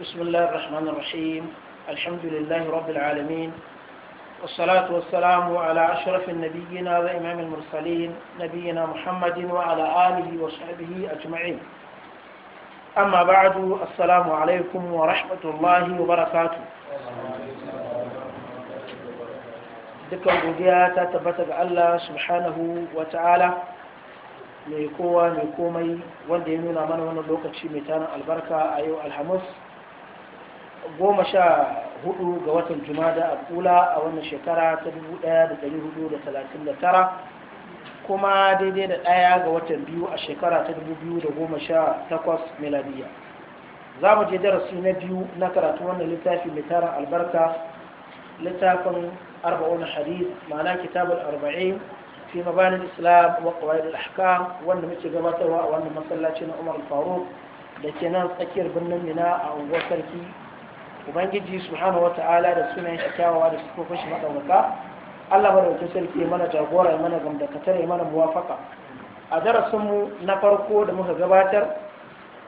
بسم الله الرحمن الرحيم الحمد لله رب العالمين والصلاة والسلام على أشرف النبيين وإمام المرسلين نبينا محمد وعلى آله وصحبه أجمعين أما بعد السلام عليكم ورحمة الله وبركاته ذكر godiya ta الله سبحانه وتعالى subhanahu wa ta'ala من kowa mai البركة wanda الحمص goma sha hudu ga watan jumada a kula a wannan shekara ta tara kuma daidai da daya ga watan biyu a shekara ta takwas meladiya za mu je darasi na biyu na karatu wannan littafi mai albarka littafin arba'un hadis ma'ana kitabul arba'in fi mabanin islam wa qawaid al-ahkam wanda muke gabatarwa a wannan masallaci na Umar Faruk da ke nan tsakiyar birnin Mina a unguwar Sarki ubangiji subhanahu wata'ala da sunayen shi kyawawa da sifofin shi madaukaka Allah wata sarki mana jagora ya mana ka tare mana muwafaka a darasin mu na farko da muka gabatar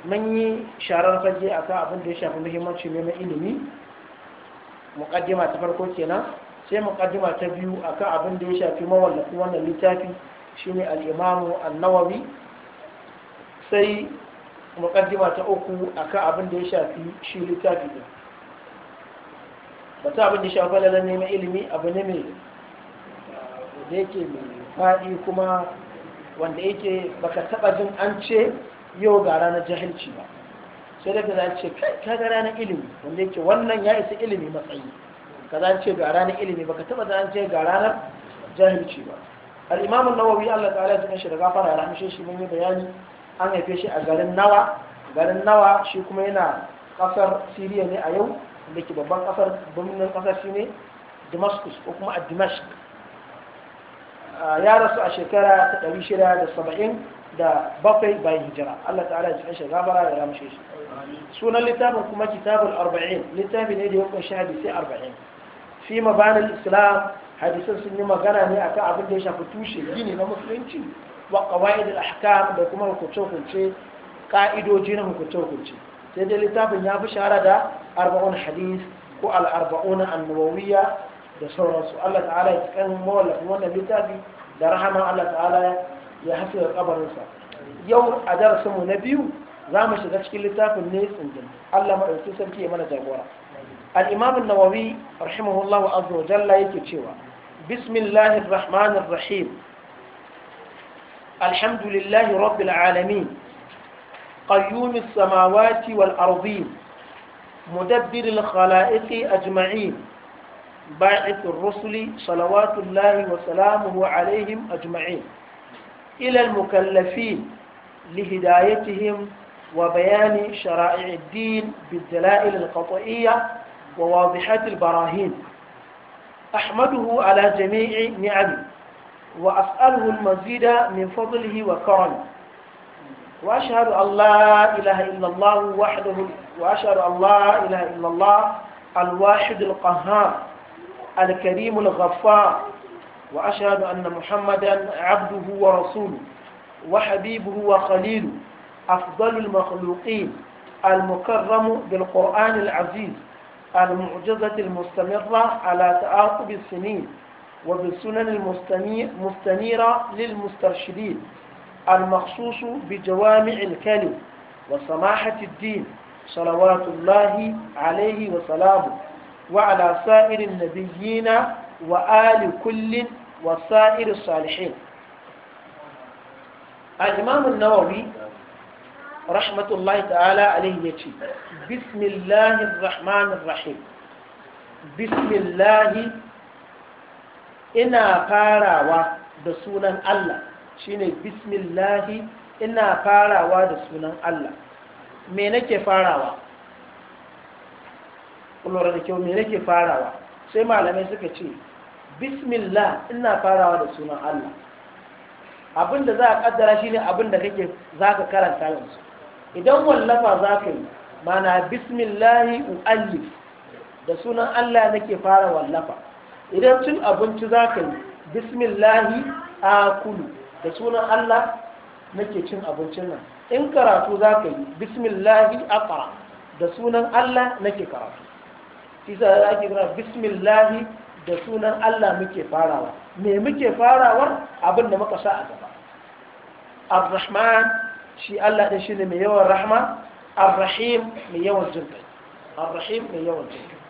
mun yi sharar fage akan abin da ya shafi muhimmanci neman ilimi muqaddima ta farko kenan sai muqaddima ta biyu akan abin da ya shafi mawallafi wannan littafi shine al-Imam an-Nawawi sai muqaddima ta uku akan abin da ya shafi shi littafi wata abin da shafa da neman ilimi abu ne mai da yake faɗi kuma wanda yake baka taɓa jin an ce yau ga ranar jahilci ba sai da kaza ce ka ga ranar ilimi wanda yake wannan ya isa ilimi matsayi kaza ce ga ranar ilimi baka taɓa jin an ce ga ranar jahilci ba al-imam nawawi Allah ta'ala ya shi da gafara ya shi mun yi bayani an haife shi a garin nawa garin nawa shi kuma yana ƙasar siriya ne a yau da ke babban kasar birnin kasar shine damascus ko kuma a dimashq ya rasu a shekara ta ɗari shida da saba'in da bakwai bayan hijira allah ta'ala ya jikin shagabara ya ramshe shi sunan littafin kuma kitabul arba'in littafi ne da ya kunshi hadisai arba'in fi mabanin islam hadisan sun yi magana ne akan abin da ya shafi tushe gini na musulunci wa qawaid da ahkam da kuma hukunce hukunce ka'idoji na hukunce hukunce sai dai littafin ya fi shara da arba'un hadis ko al'arba'un annawawiya da sauransu Allah ta'ala ya kan mawallafin wannan littafi da rahama Allah ta'ala ya hasu da kabarinsa yau a darasinmu na biyu za mu shiga cikin littafin ne tsindin Allah maɗauki sarki ya mana jagora al-imam nawawi rahimahullahu azza wa jalla yake cewa bismillahir rahmanir rahim alhamdulillahi rabbil alamin قيوم السماوات والأرضين مدبر الخلائق أجمعين باعث الرسل صلوات الله وسلامه عليهم أجمعين إلى المكلفين لهدايتهم وبيان شرائع الدين بالدلائل القطعية وواضحات البراهين أحمده على جميع نعمه وأسأله المزيد من فضله وكرمه وأشهد أن لا إله إلا الله وحده وأشهد أن لا إله إلا الله الواحد القهار الكريم الغفار وأشهد أن محمدا عبده ورسوله وحبيبه وخليله أفضل المخلوقين المكرم بالقرآن العزيز المعجزة المستمرة على تعاقب السنين وبالسنن المستنيرة للمسترشدين المخصوص بجوامع الكلم وسماحة الدين صلوات الله عليه وسلامه وعلى سائر النبيين وآل كل وسائر الصالحين الإمام النووي رحمة الله تعالى عليه يتي بسم الله الرحمن الرحيم بسم الله إنا قاروا بسونا الله shine bismillahi ina farawa da sunan Allah me nake farawa kullura da kyau me nake farawa sai malamai suka ce bismillah ina farawa da sunan Allah abinda za a kaddara shine abinda kake zaka karanta yanzu idan wallafa zaka yi mana bismillahi u'allif da sunan Allah nake fara wallafa idan cin abinci ka yi bismillahi akulu da sunan Allah nake cin abincin nan in karatu za ka yi bismillahi aqra da sunan Allah nake karatu isa da ake kira bismillahi da sunan Allah muke farawa me muke farawar abin da muka sa a gaba ar-rahman shi Allah din shine mai yawan rahma ar-rahim mai yawan jinkai ar-rahim mai yawan jinkai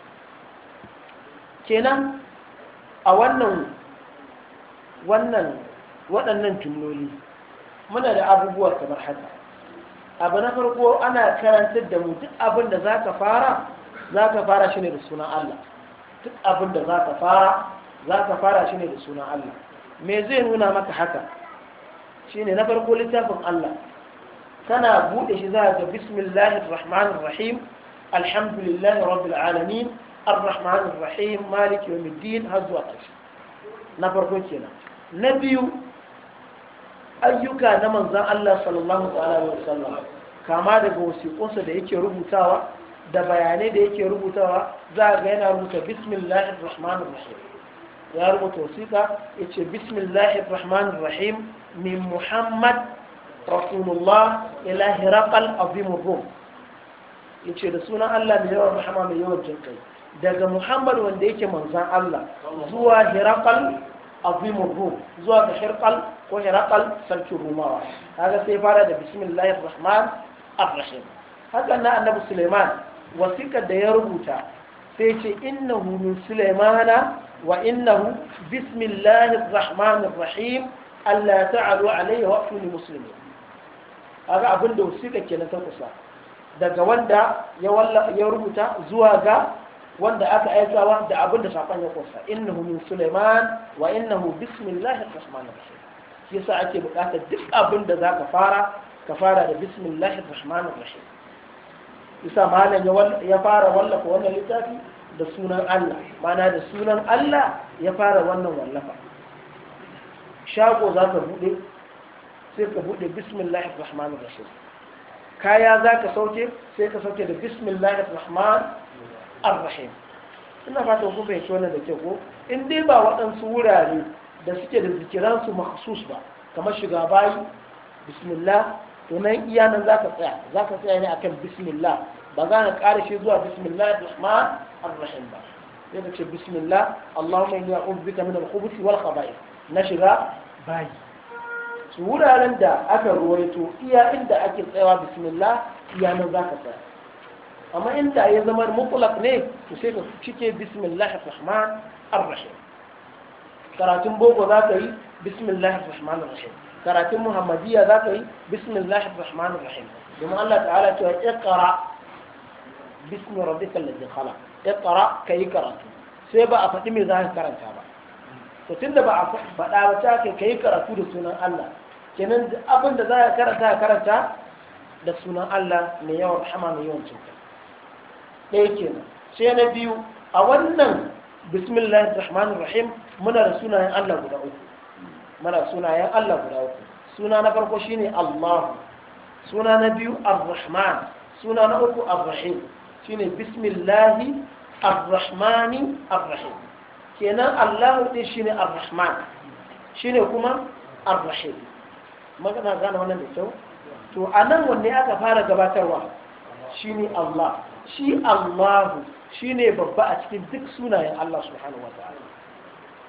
kenan a wannan wannan waɗannan jumloli muna da abubuwa kamar haka abu na farko ana karantar da mu duk abin da za ka fara za ka fara shi ne da sunan Allah duk abin da za ka fara za ka fara shi ne da sunan Allah me zai nuna maka haka shi ne na farko littafin Allah kana buɗe shi za ga bismillahir rahmanir rahim alhamdulillahi rabbil alamin arrahmanir rahim maliki yawmiddin har zuwa ƙarshe na farko kenan na biyu ayyuka na manzan Allah sallallahu alaihi wasallam kama daga wasiƙunsa da yake rubutawa da bayanai da yake rubutawa za ga yana rubuta bismillahir rahmanir rahim ya rubuta wasiƙa yace bismillahir rahmanir rahim min muhammad rasulullah ila hiraqal azim rum yace da sunan Allah mai yawan rahama mai yawan jinkai daga muhammad wanda yake manzan Allah zuwa hiraqal azim rum zuwa ga hirqal ko herakal sarkin rumawa kaga sai fara da bismillahir rahman ar-rahim haka na annabi suleiman wasiƙar da ya rubuta sai ce innahu min suleimana wa innahu bismillahir rahmanir rahim Allah ta'alu alayhi wa fi muslimin kaga abin da wasiƙa kenan ta kusa daga wanda ya walla ya rubuta zuwa ga wanda aka aikawa da abin da safan ya kusa innahu min suleiman wa innahu bismillahir rahmanir rahim shi yasa ake bukatar duk abin da za ka fara ka fara da bismillahi rahmanir rahim isa malam ya fara wallafa wannan littafi da sunan Allah mana da sunan Allah ya fara wannan wallafa shago za ka bude sai ka bude bismillahi rahmanir rahim kaya za ka sauke sai ka sauke da bismillahi rahman rahim ina fata kun fahimci wannan da kyau ko in dai ba waɗansu wurare da suke da zikiransu maksus ba kamar shiga bayi bismillah to nan iya nan za ka tsaya za ka tsaya ne akan bismillah ba za ka ƙara shi zuwa bismillah rahman ar-rahim ba sai ka ce bismillah allahumma inni a'udhu bika min al-khubuthi wal khaba'ith na shiga bayi su wuraren da aka ruwaito iya inda ake tsayawa bismillah iya nan za ka tsaya amma inda ya zama mutlaq ne to sai ka cike bismillah rahman ar-rahim karatun boko za ka yi bismillahir rahmanir rahim karatun muhammadiyya za ka yi bismillahir rahmanir rahim domin Allah ta'ala cewa iqra bismi rabbikal ladzi khalaq iqra kai karatu sai ba a faɗi me za ka karanta ba to tunda ba a faɗa ba ta kai kai karatu da sunan Allah kenan abin da za ka karanta ka karanta da sunan Allah mai yawan rahama yawan cinta ɗaya kenan sai na biyu a wannan bismillahir rahmanir rahim muna da sunayen Allah guda uku muna sunayen Allah guda uku suna na farko shine Allah suna na biyu Ar-Rahman suna na uku Ar-Rahim shine bismillahi Ar-Rahmani Ar-Rahim kenan Allah ne shine Ar-Rahman shine kuma Ar-Rahim magana gane wannan da kyau to anan wanne aka fara gabatarwa shine Allah shi Allahu shine babba a cikin duk sunayen Allah subhanahu wataala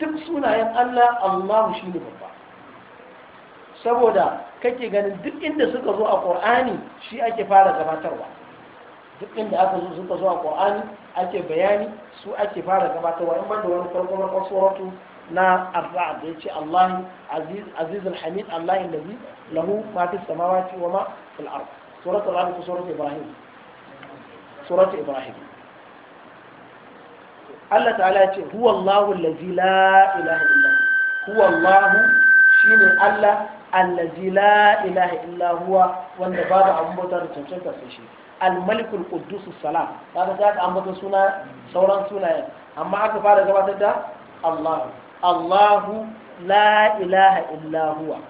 duk sunayen Allah Allahu shi ne babba saboda kake ganin duk inda suka zo a ƙor'ani shi ake fara gabatarwa duk inda aka zo suka zo a ƙor'ani ake bayani su ake fara gabatarwa in banda wani farko na suratu na arba'a da yace Allah aziz azizul Allah Allah allazi lahu ma fis samawati wa ma fil ard suratu al-arab ibrahim suratu ibrahim Allah ta'ala ya ce huwa Allahu allazi la ilaha illa huwa Allahu shine Allah allazi la ilaha illa huwa wanda babu abun bauta da cancanta sai shi al-malikul quddus salam kaga za ka ambata suna sauran sunaye amma aka fara gabatar da Allah Allahu la ilaha illa huwa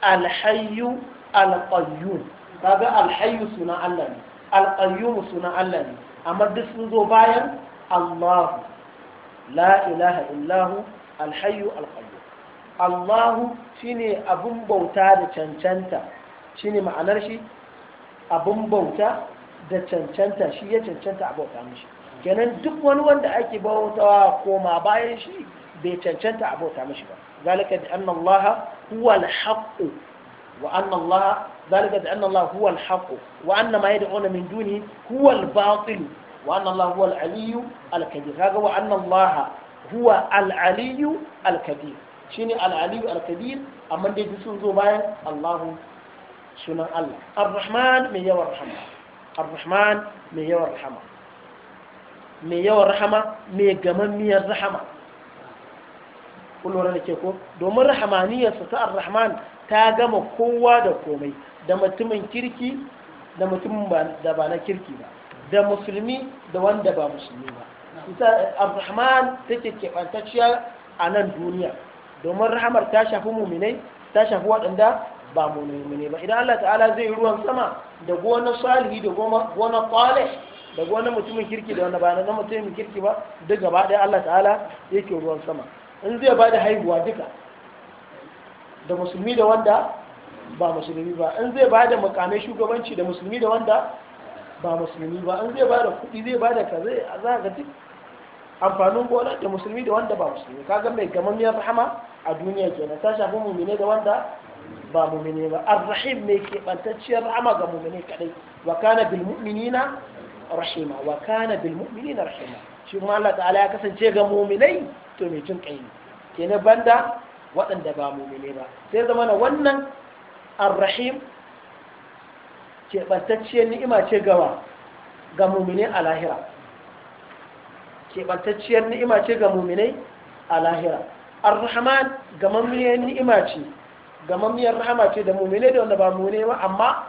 al-hayyu al-qayyum kaga al-hayyu suna Allah ne al-qayyum sunan Allah ne amma duk sun zo bayan Allah la ilaha illahu alhayyu alqayyum Allahu shine abin bauta da cancanta shine ma'anar shi abun bauta da cancanta shi ya cancanta a bauta mishi duk wani wanda ake bautawa koma bayan shi bai cancanta a bauta mishi ba zalika da anna Allah huwa al-haqq min dunihi huwa al wa anna Allah huwa al-aliyyu al-kabir kaga wa anna Allah huwa al al-kabir shine al al-kabir amma dai sun zo bayan Allah Allah ar-rahman mai yawan kullum ke ko domin ta Arrahman ta gama kowa da komai da mutumin kirki da mutumin da ba na kirki ba da musulmi da wanda ba musulmi ba isa arrahman take keɓantacciya a nan duniya domin rahamar ta shafi muminai ta shafi waɗanda ba muminai ba idan Allah ta'ala zai yi ruwan sama da gona salihi da gona kwale da gona mutumin kirki da wanda ba na mutumin kirki ba duk gaba ɗaya Allah ta'ala yake ruwan sama in zai ba da haihuwa duka da musulmi da wanda ba musulmi ba in zai ba da mukamai shugabanci da musulmi da wanda ba musulmi ba an zai ba da zai ba da zai a za ga duk amfanin gona da musulmi da wanda ba musulmi ka ga mai gamammiyar rahama a duniya kenan ta shafi mumine da wanda ba mumine ba arrahim mai kebantacciyar rahama ga mumine kadai wa kana bil mu'minina rahima wa kana bil mu'minina rahima shi kuma Allah ta'ala ya kasance ga muminai to mai jin kai ne kenan banda waɗanda ba mumine ba sai zama wannan arrahim keɓantacciyar ni'ima ce gawa ga mummune a lahira keɓantacciyar ni'ima ce ga mummune a lahira ar-rahman gamammiyar ni'ima ce ga gamammiyar rahama ce da mummune da wanda ba mummune ba amma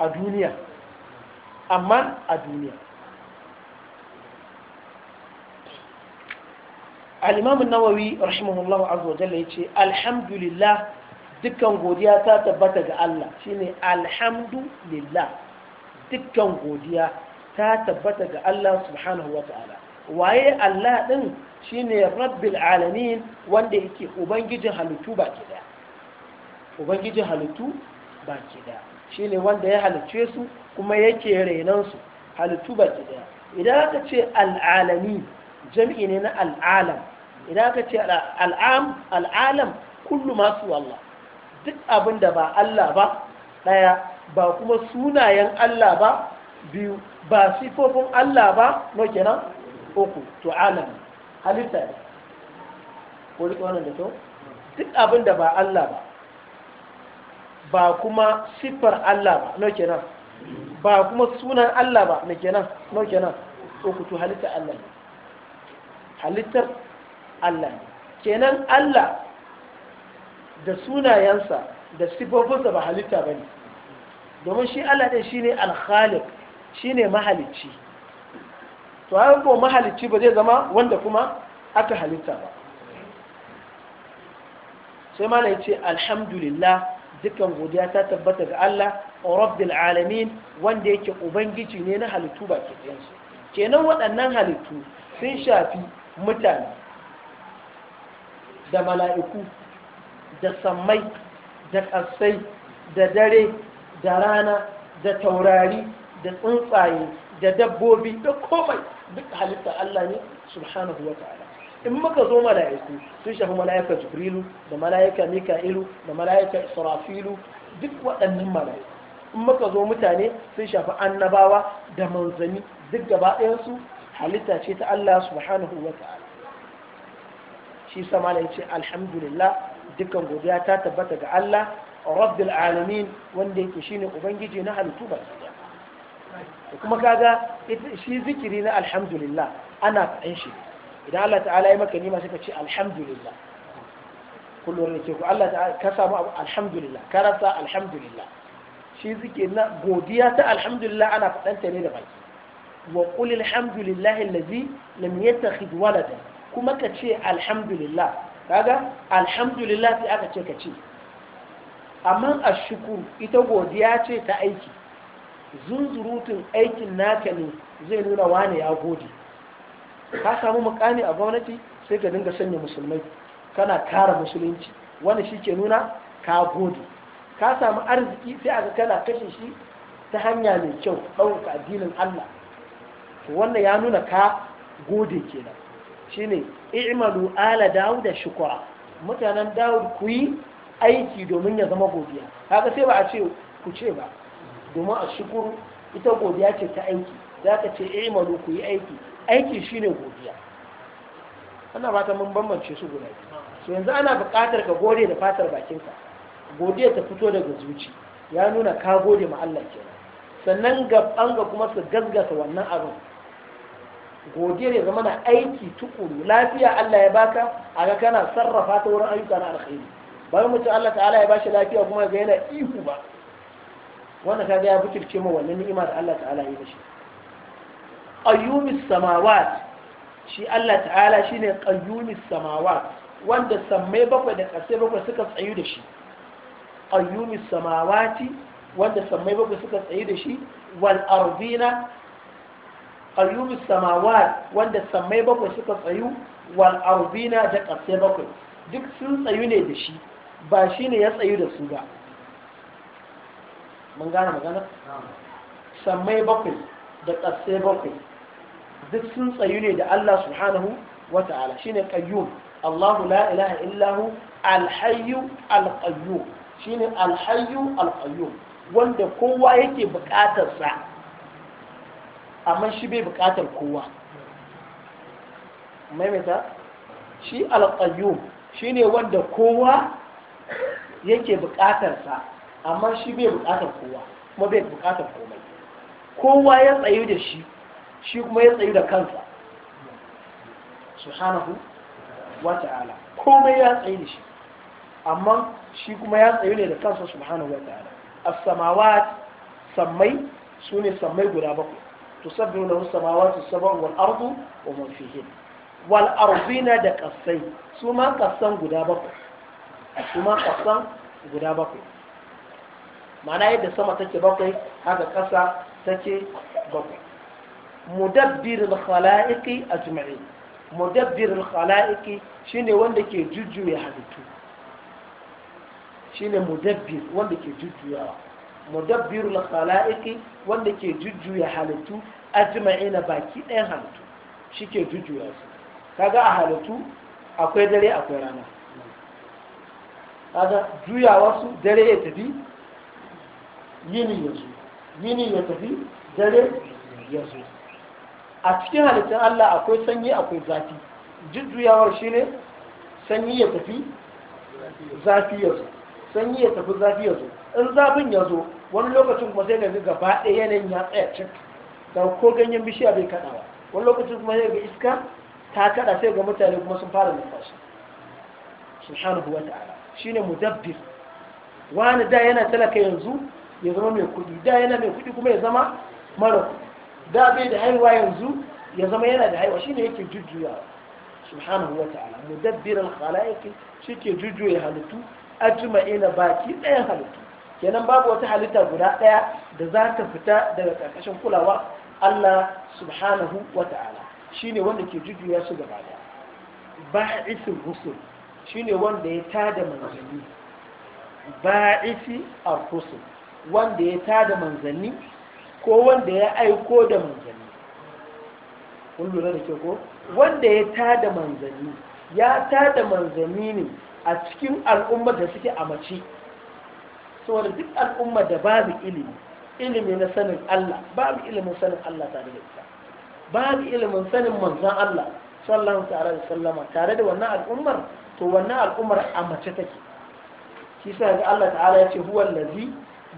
a duniya amma a duniya al-imam an-nawawi rahimahullahu azza wa jalla yace alhamdulillah dukkan godiya ta tabbata ga Allah shine alhamdulillah dukkan godiya ta tabbata ga Allah subhanahu wa ta'ala waye Allah din shine rabbil alamin wanda yake ubangijin halittu ke daya ubangijin halittu baki daya shine wanda ya halicce su kuma yake renan su halittu ke daya idan aka ce al'alami jam'i ne na al'alam idan aka ce al'am al'alam kullu masu Allah duk abin da ba Allah ba ɗaya ba kuma sunayen Allah ba biyu ba sifofin Allah ba no kenan uku to alam halitta ne ko rike wannan da to duk abin da ba Allah ba ba kuma siffar Allah ba no kenan ba kuma sunan Allah ba no kenan no kenan uku to halitta Allah ne halittar Allah ne kenan Allah da sunayensa da sifofinsa ba halitta ba ne domin shi Allah ɗin shi ne alhalik shi ne mahalicci to haka ko mahalicci ba zai zama wanda kuma aka halitta ba sai ma ya ce alhamdulillah dukkan godiya ta tabbata ga Allah rabbil alamin wanda yake ubangiji ne na halittu baki Ke kenan waɗannan halittu sun shafi mutane da mala'iku da sammai da ƙasai da dare da rana da taurari da tsuntsaye da dabbobi da komai duk halitta Allah ne subhanahu wa ta'ala in muka zo mala'iku sun shafi mala'ika jibrilu da mala'ika mika'ilu da mala'ika israfilu duk waɗannan mala'iku in muka zo mutane sun shafi annabawa da manzani duk gaba ɗayansu halitta ce ta Allah subhanahu wa ta'ala shi sama da yace alhamdulillah dukkan godiya ta tabbata ga Allah rabbil alamin wanda yake shine ubangiji na halittu ba da kuma kaga shi zikiri na alhamdulillah ana faɗin shi idan Allah ta'ala ya maka nima suka ce alhamdulillah kullum da ke ku Allah ta'ala ka samu abu alhamdulillah ka rasa alhamdulillah shi zikiri na godiya ta alhamdulillah ana faɗan ta ne da baki wa qul alhamdulillah allazi lam yattakhid walada kuma ka ce alhamdulillah kaga alhamdulillah sai aka ce ka ce amma a shukuru ita godiya ce ta aiki zunzurutun aikin naka ne zai nuna wane ya gode ka samu mukami a gwamnati sai ka dinga sanya musulmai kana kara musulunci wani shi ke nuna ka gode ka samu arziki sai aka kana kashe shi ta hanya mai kyau ɗaukaka addinin Allah wannan ya nuna ka gode kenan ne i'malu ala dawuda shukura mutanen dawud ku yi aiki domin ya zama godiya haka sai ba a ce ku ce ba domin a shukuru ita godiya ce ta aiki za ka ce i'malu ku yi aiki aiki shine godiya ana ta mun bambance su guda so yanzu ana buƙatar ka gode da fatar bakinka godiya ta fito daga zuci ya nuna ka gode ma Allah kenan sannan gaban ga kuma su gasgasa wannan abin gobe ne zama na aiki tukuru lafiya Allah ya baka a ga kana sarrafa ta wurin ayyuka na alkhairi bayan mutum Allah ta'ala ya bashi lafiya kuma ga yana ihu ba wanda ka ga ya bukirce ma wannan ni'ima da Allah ta'ala ya bashi Ayyumis samawat shi Allah ta'ala shine qayyumis samawat wanda sammai bakwai da ƙasai bakwai suka tsayu da shi Ayyumis samawati wanda sammai bakwai suka tsayu da shi wal ardina qayyumus samawat wanda samai bakwai suka tsayu wal ardina da ƙasai bakwai duk sun tsayu ne da shi ba shi ne ya tsayu da su ba mun gane magana Samai bakwai da ƙasai bakwai duk sun tsayu ne da Allah subhanahu wa ta'ala shine qayyum Allahu la ilaha illahu alhayyu alqayyum shine alhayyu alqayyum wanda kowa yake buƙatar sa amma shi bai buƙatar kowa maimaita shi alƙayyum shi ne wanda kowa yake buƙatarsa amma shi bai buƙatar kowa kuma bai buƙatar komai kowa ya tsayu da shi shi kuma ya tsayu da kansa subhanahu wa ta'ala komai ya tsayu da shi amma shi kuma ya tsayu ne da kansa subhanahu wa ta'ala as-samawat sammai sune sammai guda bakwai tusabbihu lahu samawati sab'u wal ardu wa fihin wal ardina da kasai su ma guda bakwai su ma guda bakwai ma'ana yadda sama take bakwai haka kasa take bakwai mudabbirul khalaiqi ajma'in mudabbirul khalaiqi shine wanda ke jujjuya halittu wanda ke jujjuya halittu ajma'ina baki ɗaya halittu shi ke jujjuya su kaga a halittu akwai dare akwai rana kaga juyawa su dare ya tafi yini ya zo yini ya tafi dare ya zo a cikin halittun Allah akwai sanyi akwai zafi jujjuyawar shi ne sanyi ya tafi zafi ya zo sanyi ya tafi zafi ya zo in zafin ya zo wani lokacin kuma sai ga gaba ɗaya yanayin ya tsaya cikin da ko ganyen bishiya bai kaɗawa wani lokacin kuma yau ga iska ta kaɗa sai ga mutane kuma sun fara numfashi subhanahu wa ta'ala shine mudabbir wani da yana talaka yanzu ya zama mai kuɗi da yana mai kuɗi kuma ya zama mara da bai da haihuwa yanzu ya zama yana da haihuwa shine yake jujjuyawa subhanahu wa ta'ala mudabbir al-khalaiq shike jujjuya halittu ajma'ina baki ɗayan halittu kenan babu wata halitta guda ɗaya da za ta fita daga ƙarƙashin kulawa Allah subhanahu wa ta'ala shi ne wanda ke jujjuya su gaba da ba'isul rusul ne wanda ya tada manzanni ba'isi a rusul wanda ya tada manzanni ko wanda ya aiko da manzanni kun lura da ke ko wanda ya tada manzanni ya tada manzanni ne a cikin al'ummar da suke a mace saboda duk al'ummar da babu ilimi ilimi na sanin Allah babu ilimin sanin Allah tare da ita babu ilimin sanin manzon Allah sallallahu ta'ala da sallama tare da wannan al'ummar to wannan al'ummar a mace take shi sa ga Allah ta'ala ya ce huwa allazi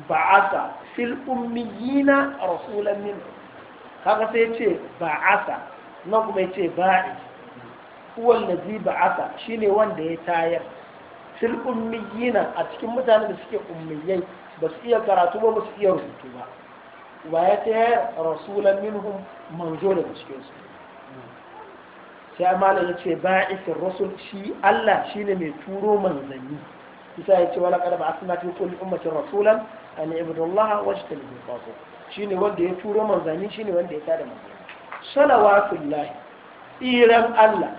ba'asa fil ummiyina rasulan min kaga sai ya ce ba'asa nan kuma ya ce ba'i huwa allazi ba'asa shine wanda ya tayar fil ummiyina a cikin mutanen da suke ummiyai ba su iya karatu ba ba su iya rubutu ba wa ya ta rasulan minhum manzo daga cikin su sai malam ya ce isa rasul shi Allah shi ne mai turo manzanni isa ya ce wala qad ba'athna fi kulli ummatin rasulan an ibudu wa wajtanibu al-fasiq shine wanda ya turo manzanni shine wanda ya tada manzanni salawatullahi tsiran Allah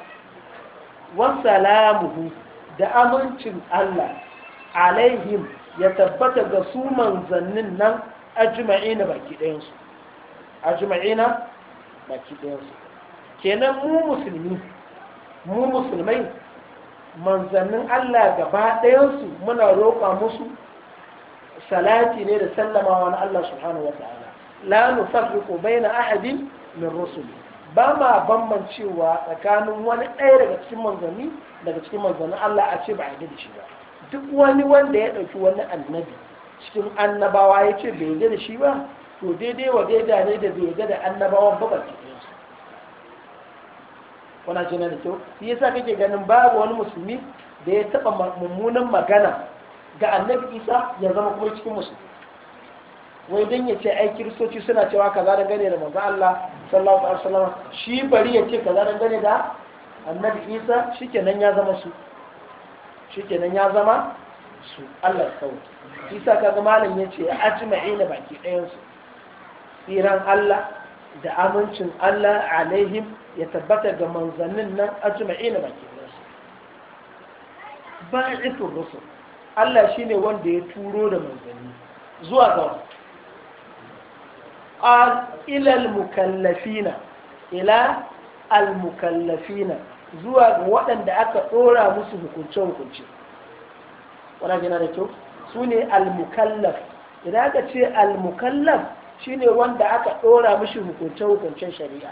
wa salamuhu da amincin Allah alaihim ya tabbata ga su manzannin nan a jima'i na baki ɗayansu A jima'i na baki ɗayansu kenan mu musulmi mu musulmai manzannin Allah gaba ɗayansu muna roƙa musu salati ne da sallamawa na Allah subhanahu wa ta'ala la nufarriqu baina ahadin min rusuli ba ma bambancewa tsakanin wani ɗaya daga cikin manzanni daga cikin manzannin Allah a ce ba a da shi ba duk wani wanda ya ɗauki wani annabi cikin annabawa ya ce bai yarda da shi ba to daidai wa daida ne da bai yarda da annabawan ba baki wana ce na da kyau shi yasa kake ganin babu wani musulmi da ya taɓa mummunan magana ga annabi isa ya zama kuma cikin musulmi wai don ya ce ai kiristoci suna cewa kaza gane da manzo Allah sallallahu alaihi wasallam shi bari ya ce kaza gane da annabi isa shikenan ya zama su shikenan ya zama su Allah kawai isa ga malam yace ajma'ina baki ɗayansu tsiran Allah da amincin Allah alaihim ya tabbata ga manzannin nan ajma'ina baki ɗayan su ba'itur rusu. Allah shi ne wanda ya turo da manzanni zuwa ga ilal mukallafina ila al mukallafina zuwa ga waɗanda aka ɗora musu hukunce-hukunce wana gina da kyau su ne al-mukallaf idan aka ce almukallaf shi ne wanda aka ɗora musu hukunce-hukuncen shari'a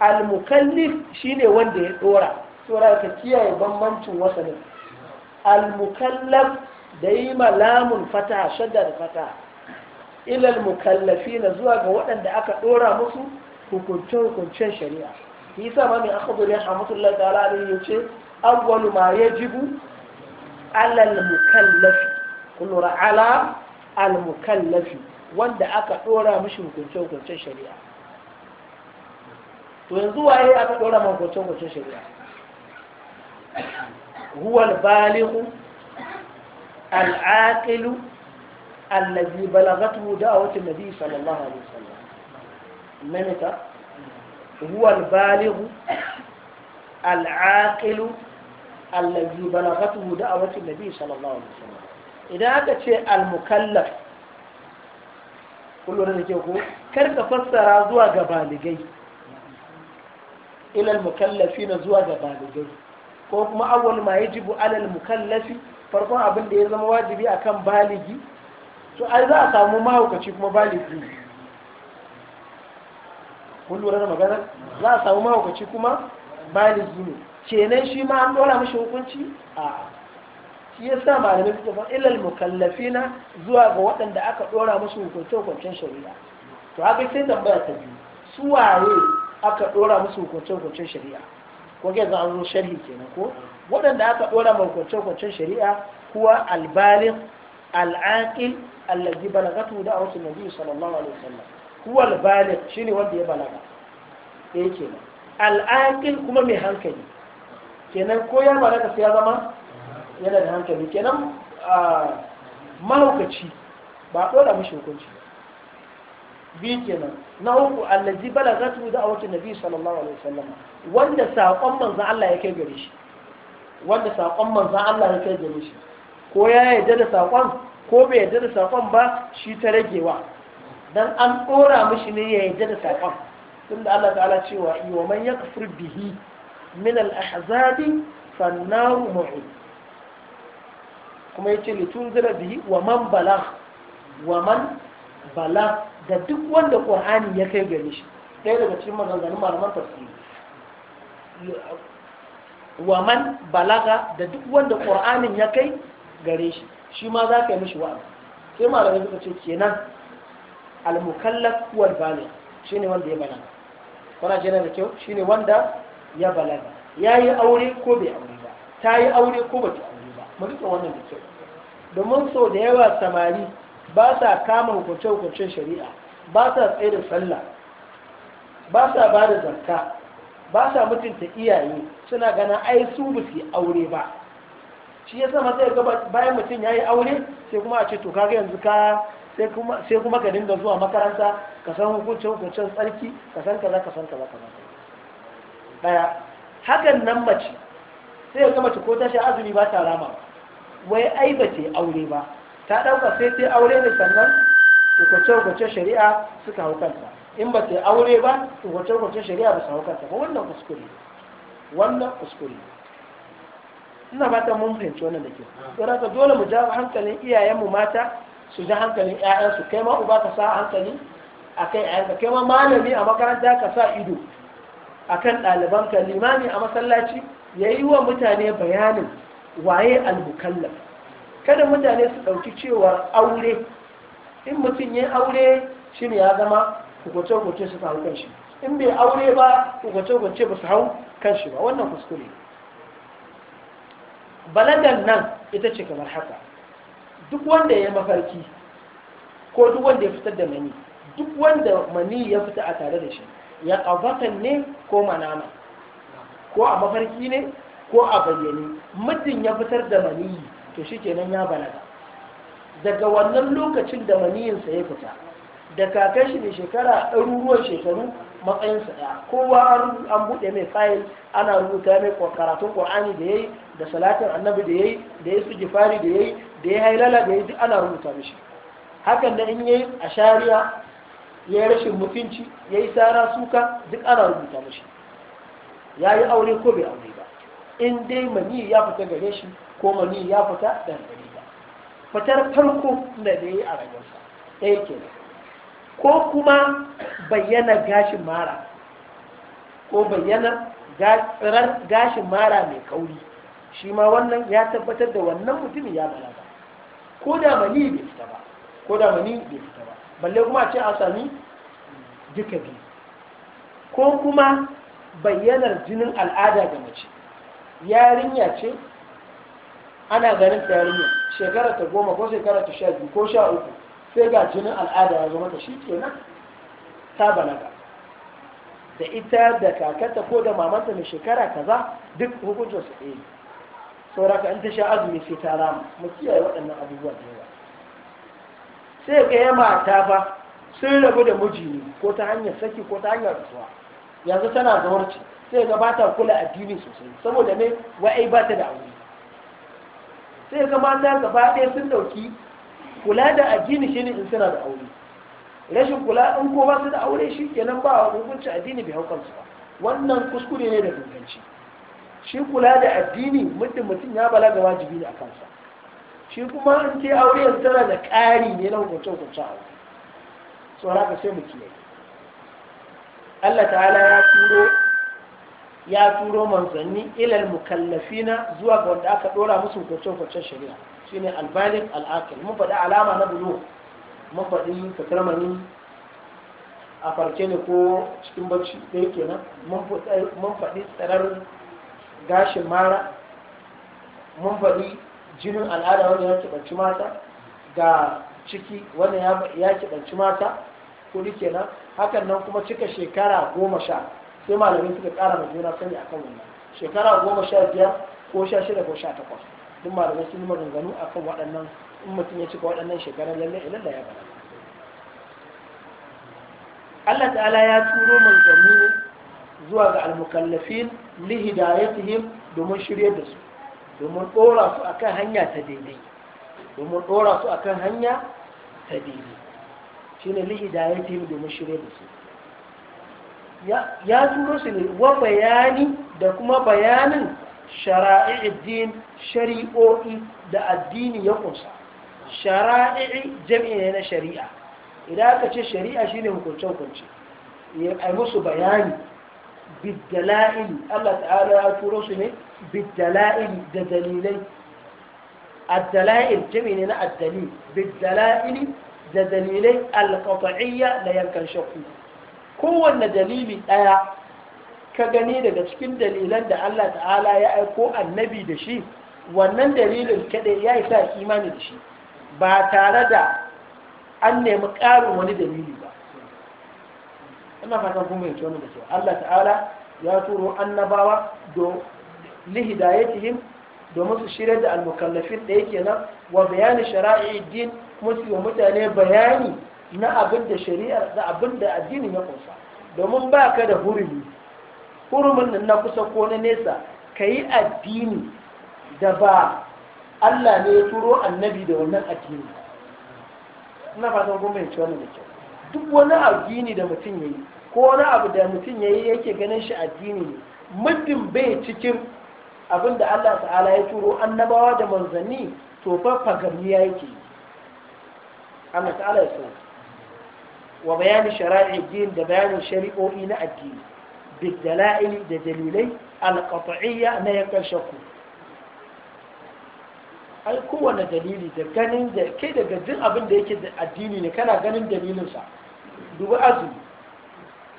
almukallif shi ne wanda ya ɗora tsora ka kiyaye bambancin wasanin almukallaf da yi malamun fata shaddar fata ilal mukallafi na zuwa ga waɗanda aka ɗora musu hukunce-hukuncen shari'a yasa ma mai akhbar ya rahmatullahi ta'ala alayhi yace awwalu ma yajibu ala al-mukallaf kullu ala al-mukallaf wanda aka dora mishi hukunce hukuncen shari'a to yanzu waye aka dora ma hukunce hukuncen shari'a huwa al-balighu al-aqilu الذي بلغته دعوة النبي صلى الله عليه وسلم من huwa al-balighu al-aqilu allazi balagatuhu da'awatu nabi sallallahu alaihi wasallam idan aka ce al-mukallaf kullu da ke ko kar ka fassara zuwa ga baligai ila al-mukallafina zuwa ga baligai ko kuma awwal ma yajibu ala al-mukallafi farkon abinda ya zama wajibi akan baligi to ai za a samu mahaukaci kuma baligi kun lura da magana za a samu mahaukaci kuma baligi ne kenan shi ma an dora mashi hukunci a shi ya sa malamin suka san ilal mukallafina zuwa ga waɗanda aka dora mashi hukunci hukuncin shari'a to haka sai tambaya ta biyu su waye aka dora musu hukunce hukuncin shari'a ko ga zan zo sharhi kenan ko waɗanda aka dora mashi hukunce hukuncin shari'a kuwa albaligh al'aqil allazi balagatu da'watu nabi sallallahu alaihi wasallam huwal balik shine wanda ya balaga eh kenan al'aqil kuma mai hankali kenan ko ya balaga sai ya zama yana da hankali kenan mahaukaci ba dora mashi hukunci bi kenan na uku allazi da da'awatu nabi sallallahu alaihi wasallam wanda saƙon manzon Allah ya kai gare shi wanda saƙon manzan Allah ya kai gare shi ko ya yarda da saƙon ko bai yarda da saƙon ba shi ta ragewa dan an ɗora mishi ne ya yarda da saƙon tunda Allah ta'ala cewa wa man yakfur bihi min al-ahzabi fannaru mu'in kuma yace li tunzira bihi wa man balagh wa man balagh da duk wanda qur'ani ya kai gare shi dai daga cikin maganganun malaman tafsiri wa man balaga da duk wanda qur'anin ya kai gare shi shi ma za ka yi mishi wa'azi sai malamai suka ce kenan al-mukallaf wal baligh shine wanda ya balaga kuna jira da kyau shine wanda ya balaga yayi aure ko bai aure ba ta yi aure ko ba ta aure ba mu rike wannan da kyau domin sau da yawa samari ba sa kama hukunce-hukuncen shari'a ba sa tsaye da sallah ba sa ba da zarka ba sa mutunta iyaye suna gana ai su ba su aure ba shi ya sama sai ga bayan mutum ya yi aure sai kuma a ce to kaga yanzu ka sai kuma sai kuma ka dinga zuwa makaranta ka san hukuncin hukuncin tsarki ka san kaza ka san kaza kaza daya hakan nan mace sai ga mace ko ta sha azumi ba ta rama wai ai ba ta aure ba ta dauka sai ta aure ne sannan hukuncin hukuncin shari'a suka hau kanta in ba ta aure ba hukuncin hukuncin shari'a ba su hau kanta ba wannan kuskure wannan kuskure ina ba ta mun fahimci wannan da ke don haka dole mu jawo hankalin iyayenmu mata su ji hankalin 'ya'yansu kai ma uba ka sa hankali a kan 'ya'yanka kai ma malami a makaranta ka sa ido a kan ɗaliban ka. limami a masallaci ya yi wa mutane bayanin waye almukallaf kada mutane su ɗauki cewa aure in mutum ya aure shi ne ya zama hukuce-hukuce su faru kan shi in bai aure ba hukuce-hukuce ba su hau kan shi ba wannan kuskure balagan nan ita ce kamar haka duk wanda ya mafarki ko duk wanda ya fitar da mani duk wanda mani ya fita a tare da shi ya ƙazatan ne ko manama ko a mafarki ne ko a bayyane mutum ya fitar da maniyi to shi kenan ya balaga daga wannan lokacin da maniyinsa ya fita da kakar shi da shekara ɗaruruwan shekaru matsayinsa ɗaya kowa an buɗe mai fayil ana rubuta mai karatun ƙwa'ani da ya yi da salatin annabi da ya yi da ya su gifari da ya yi da ya hailala da ya ji ana rubuta mishi hakan da in ya yi a shari'a ya yi rashin mutunci ya yi tsara suka duk ana rubuta mishi ya yi aure ko bai aure ba in dai mani ya fita gare shi ko mani ya fita da gare ba fitar farko da da ya yi a rayuwarsa ɗaya ke ko kuma bayyana gashin mara ko bayyana tsirar gashin mara mai kauri shi ma wannan ya tabbatar da wannan mutumin ya balaga ko da mani bai fita ba ko da mani bai fita ba balle kuma a ce a sami duka biyu ko kuma bayyanar jinin al'ada ga mace yarinya ce ana ganin ta yarinya shekara ta goma ko shekara ta sha biyu ko sha uku sai ga jinin al'ada ya zama ta shi kenan ta balaga da ita da kakata ko da mamanta mai shekara kaza duk hukuncin su ɗaya sauraka in ta sha azumi sai ta rama mu kiyaye waɗannan abubuwa da yawa sai ka yi mata ba sun rabu da miji ne ko ta hanyar saki ko ta hanyar rasuwa yanzu tana zawarci sai ga bata kula addini sosai saboda mai wa'ai ba ta da aure sai ga mata gaba ɗaya sun ɗauki kula da addini shine in suna da aure rashin kula in ko ba su da aure shi kenan ba hukunci addini bai hau ba wannan kuskure ne da ganganci shi kula da addini muddin mutum ya balaga wajibi ne a kansa shi kuma an ce aure yanzu tana da ƙari ne na hukunce aure tsoron haka sai mu kiyaye Allah ta'ala ya turo ya turo manzanni ilal mukallafina zuwa ga wanda aka dora musu hukuncin hukuncen shari'a shine albalik al'akil mun faɗi alama na bulo. mun faɗi takarmani a farke ne ko cikin bacci ɗaya kenan mun faɗi tsarar gashin mara mun faɗi jinin al'ada wanda ya kiɓanci mata ga ciki wanda ya kiɓanci mata kudi kenan hakan nan kuma cika shekara goma sha sai malamin suka ƙara mai juna sani akan wannan shekara goma sha biyar ko sha shida ko sha takwas duk malamin sun yi maganganu akan waɗannan in mutum ya cika waɗannan shekarun lalle ilalla ya bala Allah ta'ala ya turo manzanni zuwa ga almukallafin li hidayatihim domin shirye da su domin dora su akan hanya ta daidai domin dora su akan hanya ta daidai shine li hidayatihim domin shirye da su ya turo su ne wa bayani da kuma bayanin din shari'o'i da addini ya kunsa shara'i'i jami'i ne na shari'a idan aka ce shari'a shine hukunce-hukunce ya ai musu bayani bidala'il Allah ta'ala ya turo su ne bidala'il da dalilai addala'il jami ne na addali bidala'il da dalilai alƙafa'iyya na yankan shakku kowanne dalili ɗaya ka gani daga cikin dalilan da Allah ta'ala ya aiko annabi da shi wannan dalilin kaɗai ya isa imani da shi ba tare da an nemi ƙarin wani dalili ina fatan kun bayyana wannan da kyau Allah ta'ala ya turo annabawa do lihidayatihim domin su shirya da almukallafin da yake nan wa bayani shara'i din kuma su mutane bayani na abin da shari'a da abin da addini ya kunsa domin ba ka da hurumi hurumin nan na kusa ko na nesa ka yi addini da ba Allah ne ya turo annabi da wannan addini ina fatan kun bayyana wannan da kyau duk wani addini da mutum yayi ko wani abu da mutum yayi yake ganin shi addini ne muddin bai cikin abin da Allah ta'ala ya turo annabawa da manzanni to fa fagamniya yake Allah ta'ala ya so wa bayani shara'i din da bayanin shari'o'i na addini bidala'ili da dalilai alqat'iyya na yakan shakku ai kowane dalili da ganin da kai daga duk abin da yake da addini ne kana ganin dalilinsa دو أزل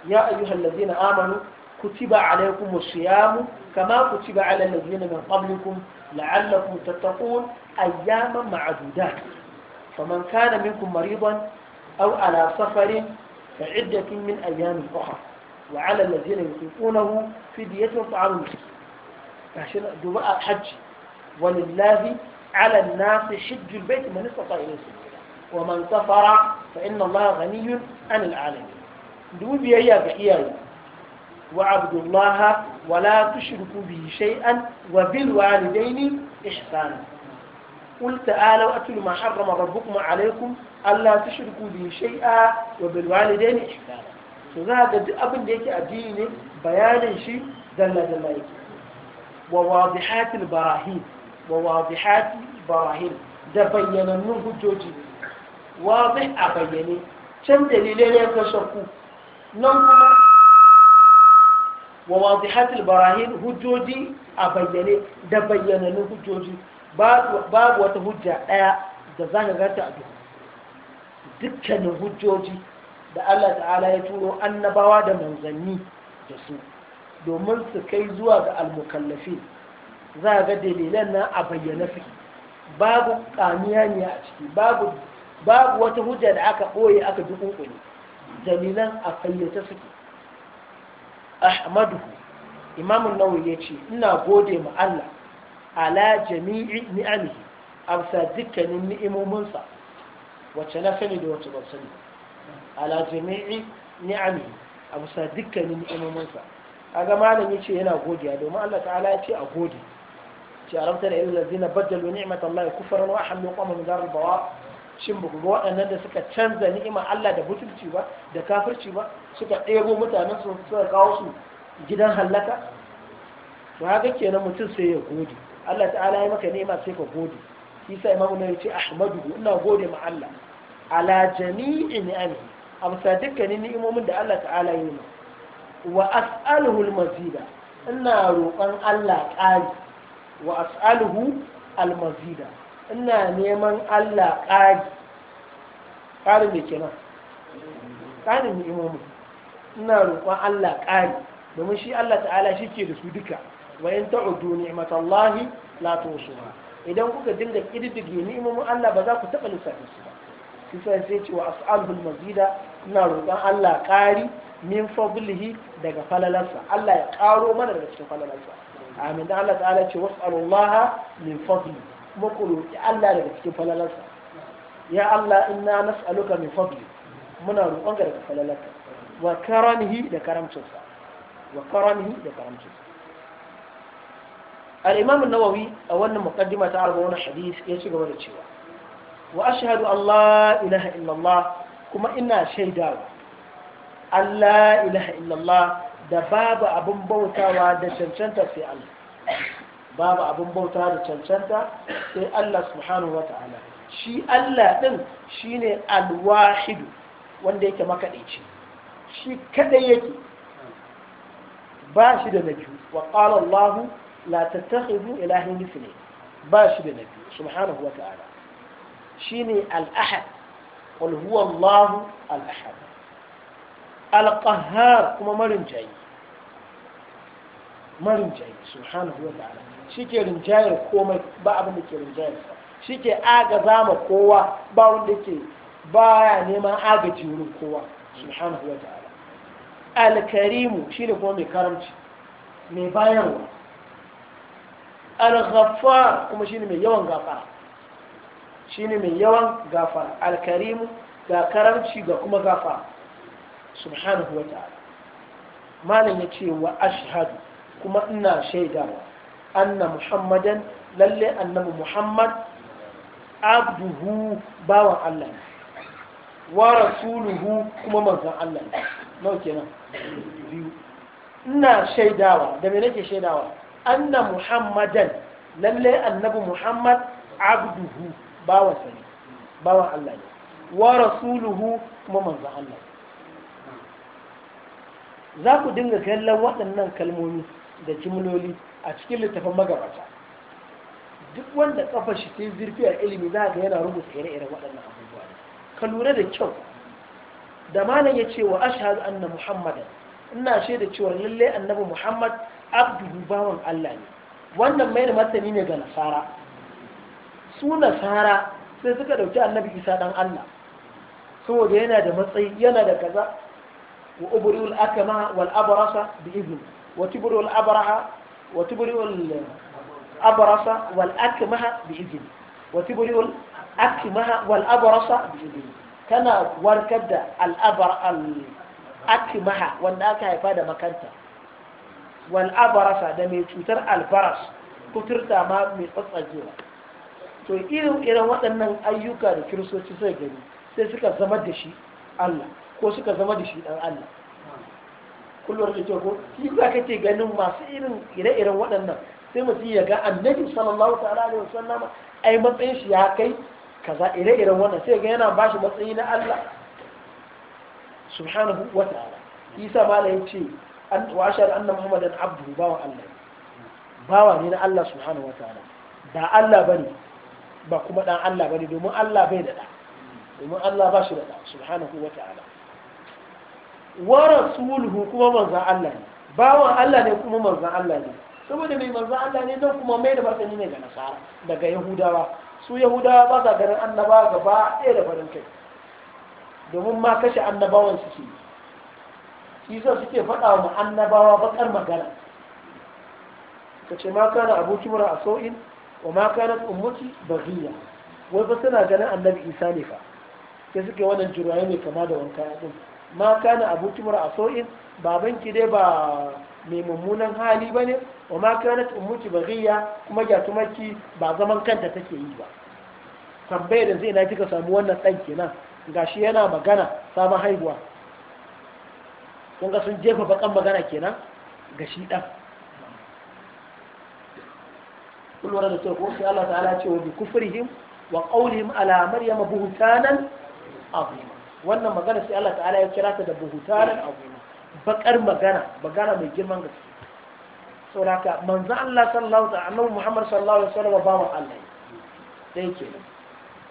يا أيها الذين آمنوا كتب عليكم الصيام كما كتب على الذين من قبلكم لعلكم تتقون أياما معدودات فمن كان منكم مريضا أو على سفر فعدة من أيام أخرى وعلى الذين يطيقونه فدية طعام عشان دواء حج ولله على الناس حج البيت من استطاع إليه ومن سفر fa inna Allah ghaniyun anil alamin dubu biyayya ga iyaye wa abdullah wa la tushriku bihi shay'an wa bil walidaini ihsana قل تعالوا أتل ما حرم ربكم عليكم ألا تشركوا به شيئا وبالوالدين إحسانا فهذا أبن ديك أدين بيان شيء دل دل وواضحات البراهين وواضحات البراهين ده بينا من هجوجي wazi a bayyane can dalilai ne ka shakku nan kuma wa wazihatul barahin hujjoji a bayyane da bayyananun hujjoji babu wata hujja ɗaya da za ka gata a duk dukkanin hujjoji da Allah ta'ala ya turo annabawa da manzanni da su domin su kai zuwa ga almukallafi za ga dalilan nan a bayyana suke babu ne a ciki babu babu wata hujja da aka ɓoye aka dukunkuni dalilan a fayyace suke ahmaduhu imamun nawawi ya ce ina gode ma Allah ala jami'i ni'amihi amsa dukkanin ni'imominsa wacce na sani da wacce ban sani ala jami'i ni'amihi amsa dukkanin ni'imominsa kaga malam yace yana godiya domin Allah ta'ala ya ce a gode ce rabta da illazina badalu ni'matallahi kufran wa halu qawman dar al-bawa shin ba kuma waɗannan da suka canza ni'ima Allah da butulci ba da kafirci ba suka ɗebo mutanen su suka kawo su gidan hallaka to haka kenan mutum sai ya gode Allah ta'ala ya maka ni'ima sai ka gode shi sai imamu ya ce ahmadu ina gode ma Allah ala jami'i ni'ami amsa dukkanin ni'imomin da Allah ta'ala ya yi wa as'aluhu al-mazida ina roƙon Allah ƙari wa as'aluhu al-mazida ina neman Allah ƙari ƙari mai ƙari ƙarin ni'imomi ina roƙon Allah ƙari domin shi Allah ta'ala shi ke da su duka wa in ta'udu ni'matallahi la tusuha idan kuka dinga kididdige ni'imomin Allah ba za ku taɓa lissafi su ba kisa sai ce wa as'alul mazida ina roƙon Allah ƙari min fadlihi daga falalarsa Allah ya ƙaro mana daga cikin falalarsa amin dan Allah ta'ala ce was'alullaha min fadlihi Mukulu ya Allah daga cikin falalarsa ya Allah inna nas'aluka min fadli muna roƙon ka daga falalarka wa karamihi da karamcinsa wa karamihi da karamcinsa al-imam an-nawawi a wannan muqaddima ta arba'un hadith ya ci gaba da cewa wa ashhadu an la ilaha illallah kuma ina shaidawa Allah ilaha illallah da babu abun bautawa da cancanta sai Allah babu abin bauta da cancanta sai Allah subhanahu wata'ala shi Allah din shine al-wahid wanda yake makadaici shi kadai yake ba shi da nabi wa qala Allah la tattakhidhu ilahin mithli ba shi da nabi subhanahu ta'ala shine al-ahad qul huwa Allah al-ahad al-qahhar kuma marin jayi marin jayi subhanahu wata'ala shi ke rinjayar komai ba abin da ke rinjayar sa shi ke agaza ma kowa ba wanda ke baya neman agaji wurin kowa subhanahu wa ta'ala alkarimu shi ne kuma mai karamci mai bayarwa alghafar kuma shi ne mai yawan gafara shi ne mai yawan gafara alkarimu ga karamci ga kuma gafara subhanahu wa ta'ala malam ya ce wa ashhadu kuma ina shaidawa anna muhammadan lalle annabi muhammad abduhu bawan Allah wa rasuluhu kuma manzon Allah nawa kenan biyu ina shaidawa da me nake shaidawa anna muhammadan lalle annabi muhammad abduhu bawan sa bawan Allah ne wa rasuluhu kuma manzon Allah za ku dinga kallon waɗannan kalmomi da jimloli a cikin littafin magabata duk wanda kafa shi ta zurfi a ilimi za ga yana rubuta ire-iren waɗannan abubuwa ka lura da kyau da malam ya ce wa ashhadu anna muhammadan ina shaida cewa lallai annabi muhammad abdu bawan Allah ne wannan mai da martani ne ga nasara su nasara sai suka dauki annabi isa dan Allah saboda yana da matsayi yana da kaza wa ubriul akama wal abrasa bi izni wa tibrul abraha وتبرئ الأبرص والأكمه بإذنه وتبرئ الأكمه والأبرص بإذنه كان وركد الأبر الأكمه والناك هيفاد مكانته والأبرص ده من تشوتر البرص كترتا ما من أصجيها to irin irin waɗannan ayyuka da kiristoci sai gani sai suka zama da shi Allah ko suka zama da shi ɗan Allah kullum da ke ko shi za ka ce ganin masu irin ire-iren waɗannan sai mutum ya ga annabi sallallahu ta'ala alaihi wasallam ai matsayin shi ya kai kaza ire-iren wannan sai ga yana bashi matsayi na Allah subhanahu wa ta'ala isa mala ya ce an wa ashar anna muhammadan abdu bawa Allah bawa ne na Allah subhanahu wa ta'ala ba Allah bane ba kuma dan Allah bane domin Allah bai da da domin Allah ba shi da da subhanahu wa ta'ala wa rasuluhu kuma manzan Allah ne bawan Allah ne kuma manzan Allah ne saboda mai manzan Allah ne don kuma mai da matsayi ne ga nasara daga yahudawa su yahudawa ba sa ganin annaba gaba ɗaya da farin kai domin ma kashe annabawan su ke shi sa suke faɗa wa annabawa bakar magana ka ce ma kana abu a sau'in wa ma kana ummuki baghiya wai ba suna ganin annabi isa ne fa sai suke wannan jirayen ne kama da wanka ɗin ma kana abuki a so'in babanki dai ba mai mummunan hali ba ne wa ma kanat ummuki baghiya kuma gyatumarki ba zaman kanta take yi ba tambayar da zai na kika samu wannan dan kenan gashi yana magana sabon haihuwa kun ga sun jefa bakan magana kenan gashi ɗan dan kullu da to ko sai Allah ta'ala ce wa bi kufrihim wa qawlihim ala maryama buhtanan azima wannan magana sai Allah ta'ala ya kira ta da buhutanan azima bakar magana magana mai girman gaske saboda haka manzo Allah sallallahu ta'ala annabi Muhammad sallallahu alaihi wasallam bawan Allah ne dai kenan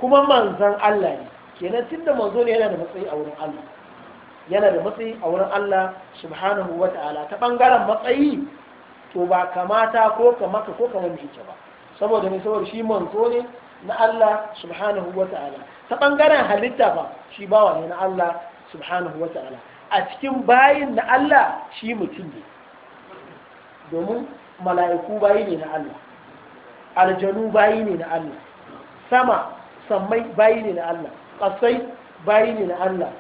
kuma manzan Allah ne kenan tunda manzo ne yana da matsayi a wurin Allah yana da matsayi a wurin Allah subhanahu wa ta'ala ta bangaren matsayi to ba kamata ko kamata ko kamar mai ba saboda ne saboda shi manzo ne na Allah subhanahu wa ta'ala ta bangaren halitta ba shi bawa ne na Allah subhanahu wa ta'ala a cikin bayin na Allah shi mutum ne domin mala'iku bayi ne na Allah aljanu bayi ne na Allah sama sammai bayi ne na Allah ƙasai bayi ne na Allah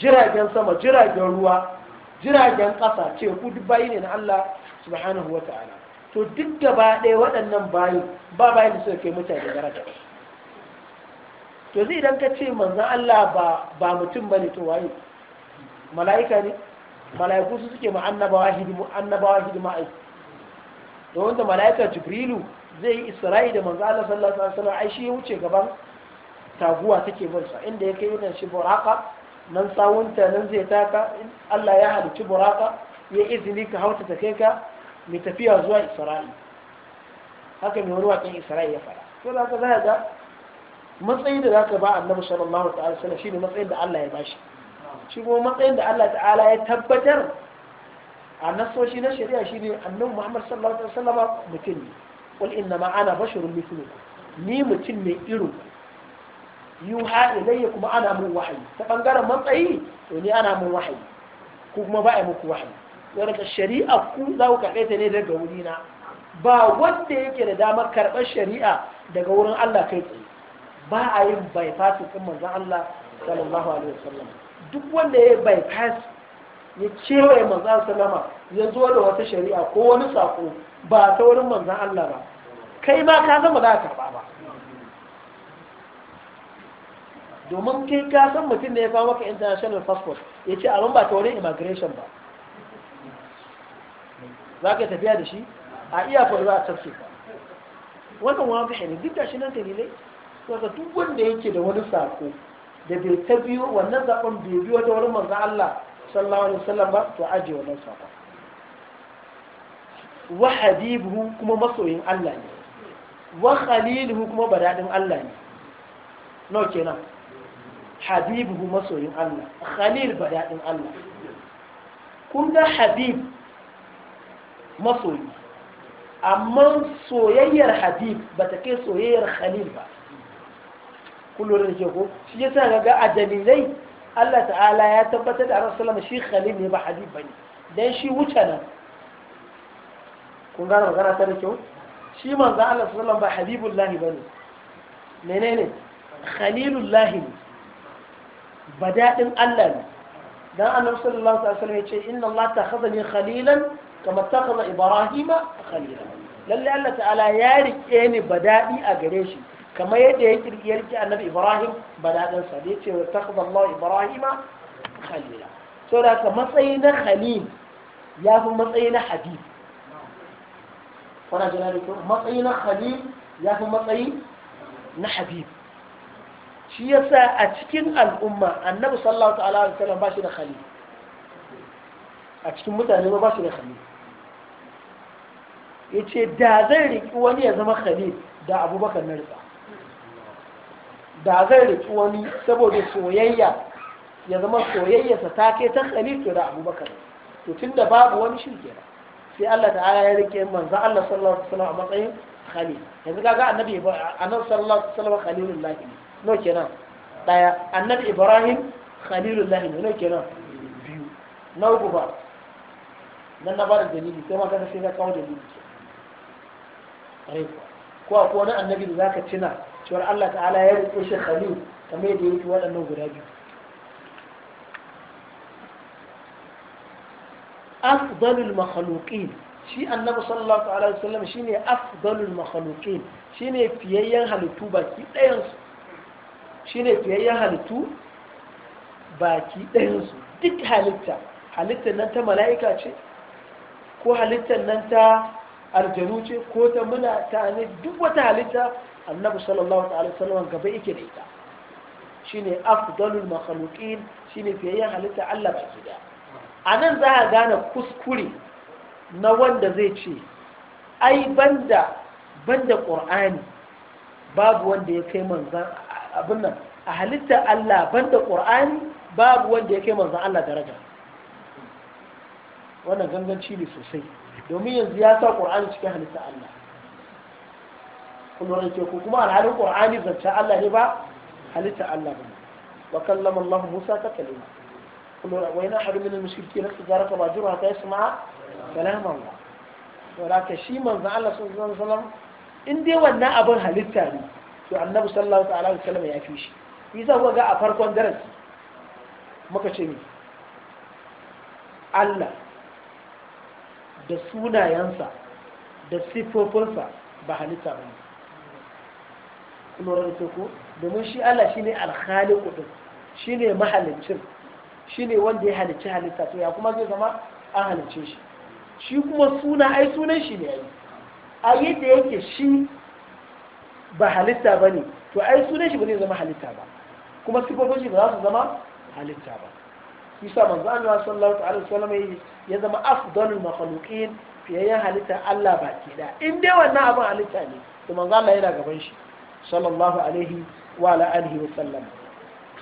jiragen sama jiragen ruwa jiragen ƙasa ce duk bayi ne na Allah subhanahu wa ta'ala to duk gaba ɗaya waɗannan bayu, ba bayan da suka kai mutane daraja to zai idan ka ce manzan Allah ba mutum ba ne to waye mala'ika ne mala'iku su suke ma annabawa hidimu annabawa hidima ai to wanda mala'ika jibrilu zai yi isra'i da manzan Allah sallallahu alaihi wasallam ai shi ya wuce gaban taguwa take bin sa inda ya kai yana shi buraka nan sawunta nan zai taka Allah ya halicci buraka ya izini ka hauta ta kai ka mai tafiya zuwa isra'i haka mai wani waƙin isra'i ya fara to za haka zaya ga matsayi da za ka ba annabi sallallahu ta'ala sallam shine matsayin da Allah ya bashi shi kuma matsayin da Allah ta'ala ya tabbatar a nasoshi na shari'a shine annabi Muhammad sallallahu alaihi wasallam mutum ne qul inna ma ana basharun mithlukum ni mutum ne irin yuha ilayya kuma ana mun wahayi ta bangaren matsayi to ni ana mun wahayi ko kuma ba a muku wahayi daga shari'a ku za ku karɓe ta ne daga wurina ba wanda yake da damar karɓar shari'a daga wurin Allah kai tsaye ba a yin bypass ɗin manzon Allah sallallahu alaihi wasallam duk wanda ya bypass ya cewa manzon sallama ya zo da wata shari'a ko wani sako ba ta wurin manzon Allah ba kai ma ka zama za ka karɓa ba domin kai ka san mutum ne ya kawo maka international passport ya ce a ba ta wurin immigration ba za ka tafiya da shi a iya faruwa a tafsir wannan wani fahimta duk da shi nan dalilai saka duk wanda yake da wani sako da bai ta biyo wannan zaɓen bai biyo da wani manzan Allah sallallahu alaihi wasallam ba to aje wannan sako wa habibuhu kuma masoyin Allah ne wa khaliluhu kuma badadin Allah ne no kenan habibuhu masoyin Allah khalil badadin Allah kun da habib masoyi amma soyayyar habib ba ta kai soyayyar khalil ba kullum da ke ko shi yasa ga a dalilai Allah ta'ala ya tabbatar da Rasulullah shi khalil ne ba habib bane dan shi wuce nan kun gane magana ta da kyau shi manzo Allah sallallahu ba habibullah bane menene khalilullah ne badadin Allah ne dan annabi sallallahu alaihi wasallam ya ce inna Allah takhadhani كما اتخذ ابراهيم خليلا لله الله تعالى يارك اني بدائي اغريشي كما يدي يرجع النبي ابراهيم بدائي صديق واتخذ الله ابراهيم خليلا سورة مصينا خليل يا هو مصينا حبيب فانا جلالك مصينا خليل يا هو مصينا حبيب شيء يسا أتكين الأمة النبي صلى الله عليه وسلم باشي خليل أتكين متى النبي باشي خليل ya ce da zai riki wani ya zama khalil da abubakar na rika da zai riki wani saboda soyayya ya zama soyayyarsa ta kai ta khalil da abubakar to tun da babu wani shi kenan sai Allah ta'ala ya rike manzo Allah sallallahu alaihi wasallam a matsayin khalil yanzu kaga annabi annabi sallallahu alaihi wasallam khalilullah ne no kenan daya annabi ibrahim khalilullah ne no kenan biyu na uku ba dan na ba da dalili sai ma kaga sai ka kawo dalili ko a wani annabi da zaka tuna cewar Allah ta'ala ya rike shi khalil kamar yadda yake waɗannan guda biyu afdalul makhluqin shi annabi sallallahu alaihi wasallam shine afdalul makhluqin shine fiyayyen halittu baki ɗayan su shine fiyayyen halittu baki ɗayan su duk halitta halittar nan ta mala'ika ce ko halittar nan ta aljanu ce ko ta muna ta ne duk wata halitta annabi sallallahu alaihi wasallam gaba yake da ita shine afdalul makhluqin shine fiyayyen halitta Allah ki A anan za a gane kuskure na wanda zai ce ai banda banda qur'ani babu wanda ya kai manzan abin nan a halitta Allah banda qur'ani babu wanda ya kai manzan Allah daraja wannan ganganci ne sosai domin yanzu ya sa ƙur'ani cikin halitta Allah kullum ke ku kuma alhalin ƙur'ani zancen Allah ne ba halitta Allah ba wa kallama Allah Musa ta kalima kullum wa yana hadu min mushriki na tijara ka ba jira ka yasma kalaman ba wala ka shi manzon Allah sun alaihi wasallam in dai wannan abin halitta ne to annabi sallallahu ta'ala alaihi wasallam ya fi shi yasa kuka ga a farkon darasi muka ce ni Allah da sunayensa da siffofinsa ba halitta ba ne da ko domin shi Allah shine alkhaliqu din shine mahalicin shine wanda ya halicci halitta to ya kuma zai zama an halicce shi shi kuma suna ai sunan shi ne ai a yadda yake shi ba halitta bane to ai sunan shi ba zai zama halitta ba kuma sifofin shi ba za su zama halitta ba shi manzo Allah sallallahu alaihi wasallam ya zama afdalul makhluqin fiyayyen halitta Allah baki da in dai wannan abin halitta ne to manzo Allah yana gaban shi sallallahu alaihi wa ala alihi wa sallam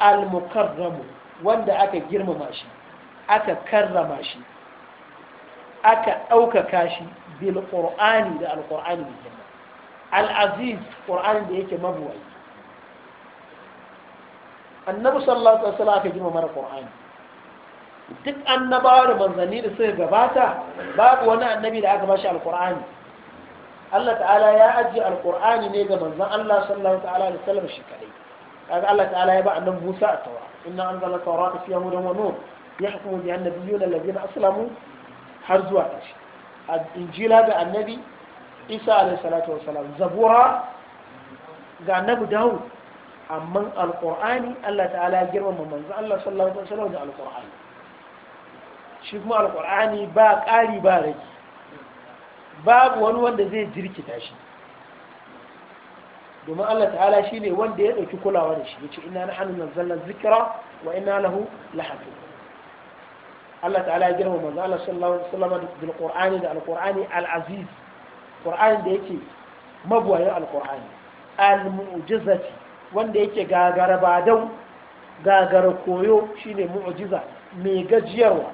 al mukarramu wanda aka girmama shi aka karrama shi aka ɗaukaka shi bil qur'ani da al qur'ani da al aziz qur'ani da yake mabuwai annabi sallallahu alaihi wa sallam aka girmama qur'ani duk annabawa da manzanni da suka gabata babu wani annabi da aka bashi alkur'ani Allah ta'ala ya ajiye alkur'ani ne ga manzan Allah sallallahu ta'ala da sallam shi kadai kaga Allah ta'ala ya ba annabi Musa a tawa inna anzala tawrata fiha hudan wa nur yahkumu biha an-nabiyyuna alladhina aslamu har zuwa ƙarshe injila ga annabi Isa alaihi salatu Salam, zabura ga annabi Dawud amma alkur'ani Allah ta'ala ya girmama manzan Allah sallallahu Ta'ala wasallam da alkur'ani shi kuma alkur'ani ba ƙari ba rage babu wani wanda zai jirkita shi domin Allah ta'ala shi ne wanda ya ɗauki kulawa da shi ya ce ina na nazzalna zikira wa ina lahu lahafiz Allah ta'ala ya girma manzo Allah sallallahu alaihi wasallam bil qur'ani da alqur'ani al-aziz qur'ani da yake mabuwayin alqur'ani al-mu'jizati wanda yake gagara badau gagara koyo shine mu'jiza mai gajiyarwa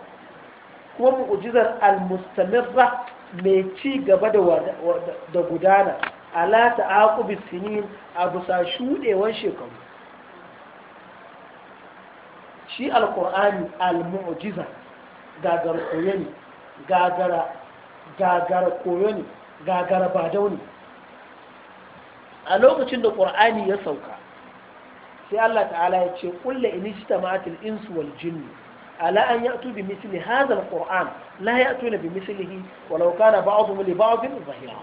kuma mu'ujizar al-mustamirra mai ci gaba da gudana ala ta'aqubi sinin a bisa shudewan shekaru shi al-qur'ani al-mu'jiza gagar koyo gagara koyo ne gagara badau ne a lokacin da qur'ani ya sauka sai Allah ta'ala ya ce kullu inistamatil insu wal jinni على أن يأتوا بمثل هذا القرآن لا يأتون بمثله ولو كان بعضهم لبعض ظهيرا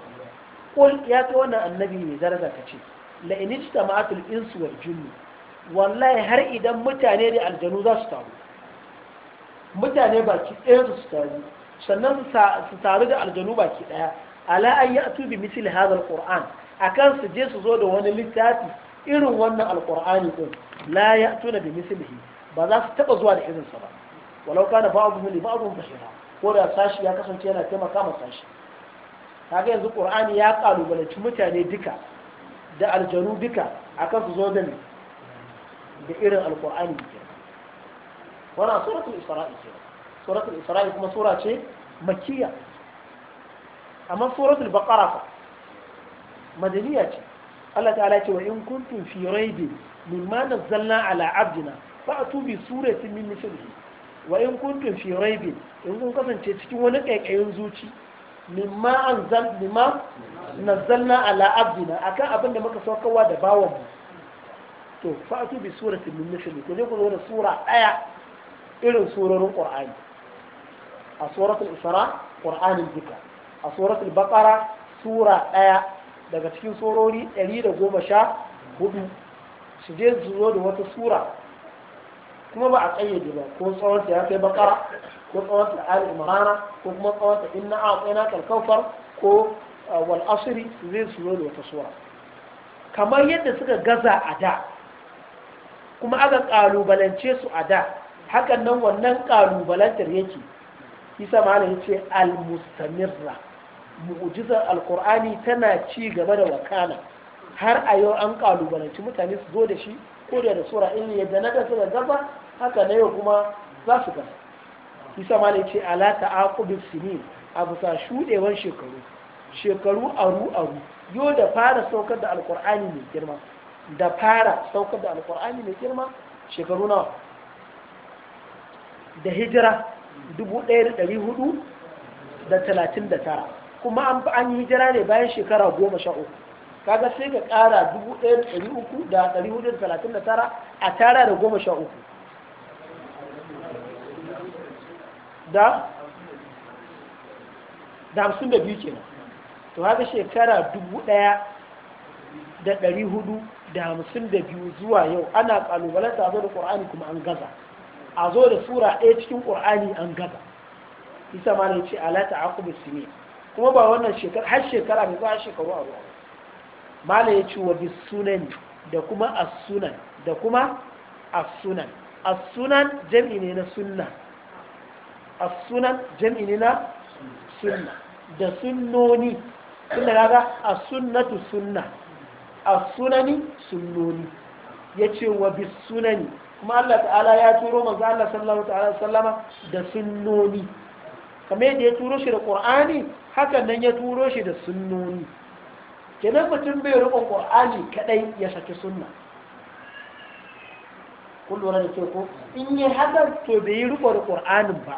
قل يا كوانا النبي درجة كتير لئن اجتمعت الإنس والجن والله هر إذا متعني الجنو ذا ستارو متعني باكي إيه ستارو sannan su taru da aljanu baki daya ala an ya bi misli hada alquran akan su je su zo da wani littafi irin wannan alqur'ani din la ya bi mislihi ba za su taba zuwa da irinsa ba walau kana ba'dhum li ba'dhum zahira ko da sashi ya kasance yana taimaka ma sashi kaga yanzu qur'ani ya kalubalanci mutane duka da aljanu duka akan su zo da ni, da irin alqur'ani ke wana suratul isra'i ke suratul isra'i kuma sura ce makkiya amma suratul baqara fa madaniya ce Allah ta'ala ce wa in kuntum fi raibin mimma nazzalna ala abdina fa'tu bi suratin min mithlihi wa in kuntum fi raibin in kun kasance cikin wani kaikayin zuci mimma anzal mimma nazzalna ala abdina akan abin da muka saukarwa da bawon mu to fa'atu bi surati min mithli ko ne ku zo da sura daya irin surorin qur'ani a suratul isra qur'ani duka a suratul baqara sura daya daga cikin surori 114 su je zo da wata sura kuma ba a kayyade ba ko tsawon ta ya kai bakara ko tsawon ta al imrana ko kuma tsawon ta inna a'tayna kal kawfar ko wal asri zai su da wata sura kamar yadda suka gaza a da kuma aka kalubalance su a da hakan nan wannan kalubalantar yake isa malam yace al mustamirra mu'jizar alqur'ani tana ci gaba da wakana har a yau an kalubalanci mutane su zo da shi ko da sura in yadda na su da gaba haka na yau kuma za su gasa isa ma ne ce ala ta'aqubis sinin a bisa shudewan shekaru shekaru aru aru yo da fara saukar da alqur'ani mai girma da fara saukar da alqur'ani mai girma shekaru nawa da hijira 1439 kuma an an yi hijira ne bayan shekara 13 kaga sai ka kara 1339 a tara da uku. da da hamsin da biyu nan to haka shekara dubu ɗaya da ɗari hudu da hamsin da biyu zuwa yau ana kalubalar a zo da ƙur'ani kuma an gaza a zo da sura ɗaya cikin ƙur'ani an gaza isa ma ne ce ala ta'aqubu sine kuma ba wannan shekara har shekara mai zuwa shekaru a ruwa mala ya ce wa sunan da kuma as-sunan da kuma as-sunan as-sunan jami'i ne na sunna a sunan jam'i sunna da sunnoni tunda kaga a sunnatu sunna a sunani sunnoni ya ce wa bis sunani kuma Allah ta'ala ya turo manzo Allah ta'ala sallama da sunnoni kamar yadda ya turo shi da qur'ani hakan nan ya turo shi da sunnoni kenan mutum bai rukun qur'ani kaɗai ya saki sunna kun da ke in yi hakan to bai yi riko da qur'anin ba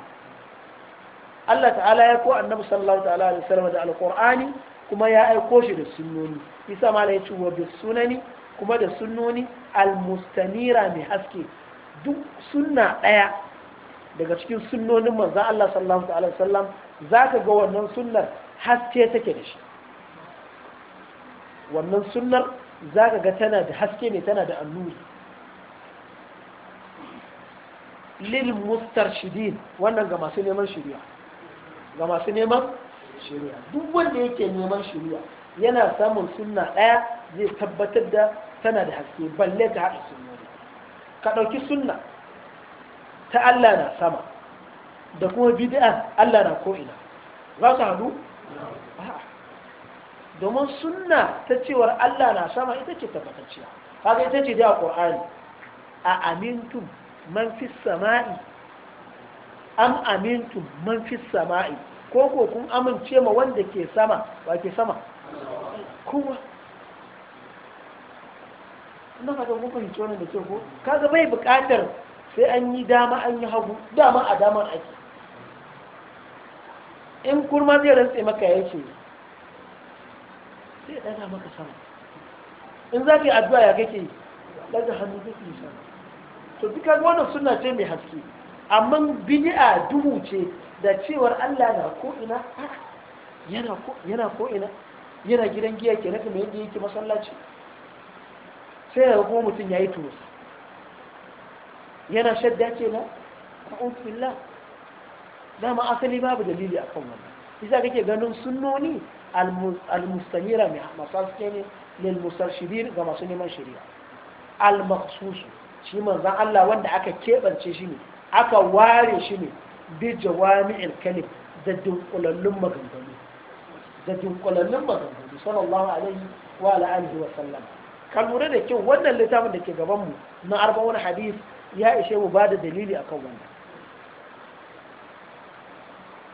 Allah ta'ala ya ko annabi sallallahu ta'ala alaihi wasallam da alqur'ani kuma ya aiko shi da sunnoni isa ma ya yace wa sunani kuma da sunnoni almustanira mai haske duk sunna daya daga cikin sunnonin manzon Allah sallallahu ta'ala alaihi wasallam zaka ga wannan sunnar haske take da shi wannan sunnar zaka ga tana da haske ne tana da annuri lil mustarshidin wannan ga masu neman shiriya ga masu neman shari'a duk wanda yake neman shari'a yana samun sunna ɗaya zai tabbatar da tana da haske balle ta haɗa sunnoni ka ɗauki sunna ta Allah na sama da kuma bid'a Allah na ko'ina za su haɗu domin sunna ta cewar Allah na sama ita ce tabbatacciya kaga ita ce da Qur'ani a amintum man fis sama'i am amintum man fis sama'i ko ko kun amince ma wanda ke sama wa ke sama Na ina fata kun fahimci wannan da ke ko kaga bai buƙatar sai an yi dama an yi hagu dama a daman ake in kurma zai rantse maka ya ce sai ya ɗaga maka sama in za ka yi addu'a ya kake yi ɗaga hannu ka yi sama to duka wannan suna ce mai haske amma bid'a dubu ce da cewar Allah na ko'ina yana ko'ina yana gidan giya ke nufin mai yadda yake masallaci sai daga kuma mutum ya yi tuwo, yana shadda ke na ƙunfilla dama asali babu dalili a kan wannan isa kake ganin sunnoni almustamira mai masaske ne lil musarshidin ga masu neman shari'a al-makhsusu shi manzan Allah wanda aka keɓance shi ne aka ware shi ne bi jawami'il kalim da dunkulallun maganganu da dunkulallun maganganu sallallahu alaihi wa alihi wa sallam ka lura da kyau wannan littafin da ke gaban mu na arba'un hadis ya ishe mu ba da dalili akan wannan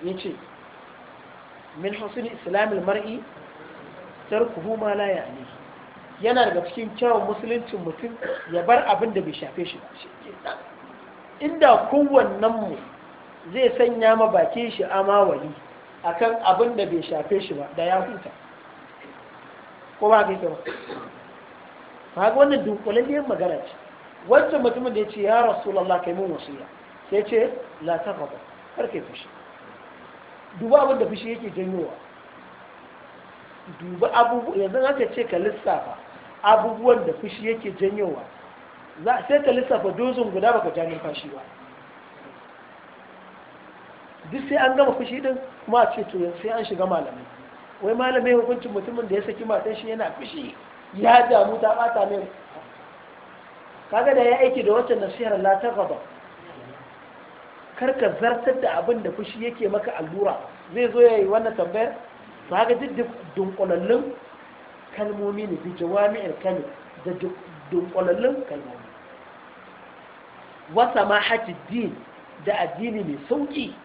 yace min husni islamil mar'i tarkuhu ma la ya'ni yana daga cikin kyawun musuluncin mutum ya bar abin da bai shafe shi ba inda kowannen mu zai sanya ma bakin shi amawali akan abin da bai shafe shi ba da ya huta ko ba kai ba ba ga wannan dunkulalliyar magana ce wancan mutumin da ya ce ya rasulullah kai mun wasiya sai ce la taqaba kar kai fushi duba abin da fushi yake janyowa duba abubuwa yanzu haka ce ka lissafa abubuwan da fushi yake janyowa sai ka lissafa dozin guda baka ja numfashi ba duk sai an gama fushi din kuma a ce to sai an shiga malamai wai malamai hukuncin mutumin da ya saki matan shi yana fushi ya damu ta bata mai kaga da ya aiki da wancan nasihar la ta gaba karka zartar da abin da fushi yake maka allura zai zo yayi wannan tambayar to haka duk dunkulallun kalmomi ne bi jawami'il kalmi da dunkulallun kalmomi wa ma din da addini mai sauki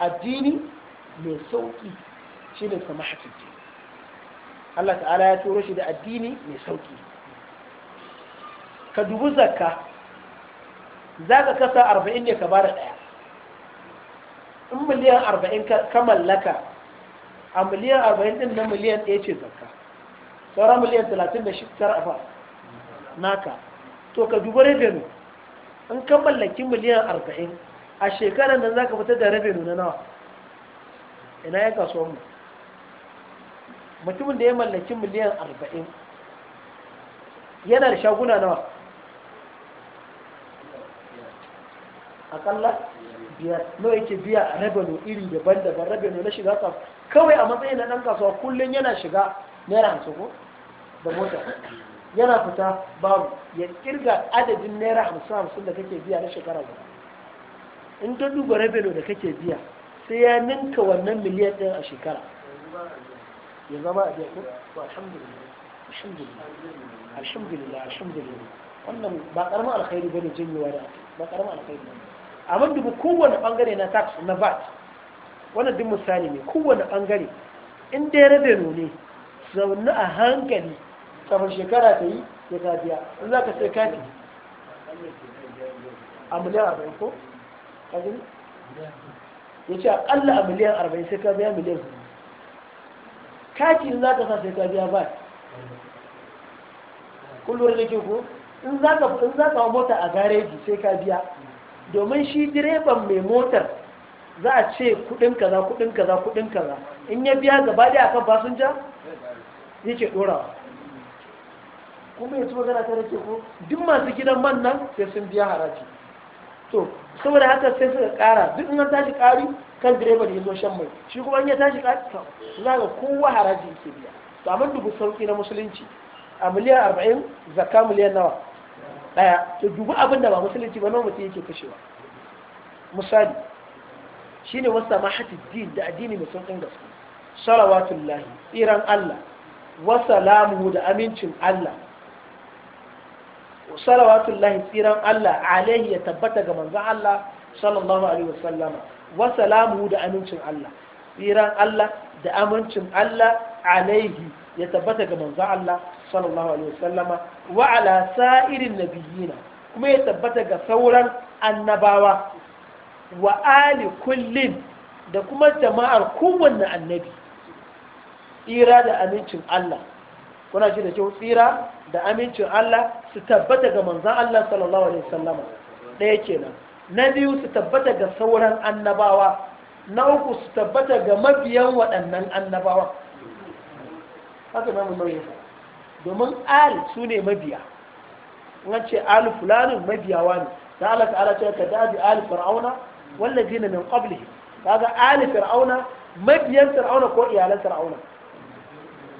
addini mai sauki shi ne kuma hakiki Allah ta'ala ya turo shi da addini mai sauki ka dubu zakka za ka kasa arba'in ne ka bada ɗaya in miliyan arba'in ka mallaka a miliyan arba'in ɗin na miliyan ɗaya ce zakka sauran miliyan talatin da shi tara naka to ka dubu rabin in ka mallaki miliyan arba'in a shekarar nan za ka fitar da rabe nuna nawa ina ya kaso mu mutumin da ya mallaki miliyan arba'in yana da shaguna nawa akalla biyar nawa yake biya a rabano iri daban-daban rabano na shiga kasuwa kawai a matsayin na ɗan kasuwa kullum yana shiga naira hamsin ko da mota yana fita babu ya kirga adadin naira hamsin hamsin da kake biya na shekarar gaba in ta duba rabino da kake biya sai ya ninka wannan miliyan ɗin a shekara ya zama a biya ko alhamdulillah alhamdulillah alhamdulillah wannan ba karamin alkhairi bane janyewa da ba karamin alkhairi amma dubu kowane bangare na tax na VAT wannan duk misali ne kowane bangare in dai rabino ne zaune a hankali kafin shekara ta yi ya ta biya in za ka sai kati a miliyan arba'in ko kajin ya ce akalla a miliyan arba'in sai ka biya miliyan hudu kaki za ka sa sai ka biya ba kullum da ke ko in za ka in mota a gareji sai ka biya domin shi direban mai motar za a ce kudin kaza kudin kaza kudin kaza in ya biya gaba da akan fasinja Ya ke dorawa kuma ya ci magana ta rake ko duk masu gidan man nan sai sun biya haraji to saboda haka sai suka kara duk in tashi kari kan direba da ya zo shan mai shi kuma in ya tashi kari za ga kowa haraji yake biya to amma dubu sauki na musulunci a miliyan arba'in zakka miliyan nawa daya to dubu abin da ba musulunci ba nawa mutum yake kashewa misali shine wasa mahati din da addini mai sauƙin gaske salawatullahi tsiran Allah wa salamu da amincin Allah salawatullahi tsiran Allah alaihi ya tabbata ga manzon Allah sallallahu alaihi wasallama wa salamu da amincin Allah tsiran Allah da amincin Allah alaihi ya tabbata ga manzon Allah sallallahu alaihi wasallama wa ala sa'irin nabiyina kuma ya tabbata ga sauran annabawa wa ali kullin da kuma jama'ar kowanne annabi tsira da amincin Allah kuna shi da kyau tsira da amincin Allah su tabbata ga manzan Allah sallallahu alaihi wasallama ɗaya kenan na biyu su tabbata ga sauran annabawa na uku su tabbata ga mabiyan waɗannan annabawa haka na mu nauyin domin al su ne mabiya in ce al fulanin mabiyawa ne da Allah ta'ala ce ka dabi al fir'auna wallazina min qablihi kaga al fir'auna mabiyan fir'auna ko iyalan fir'auna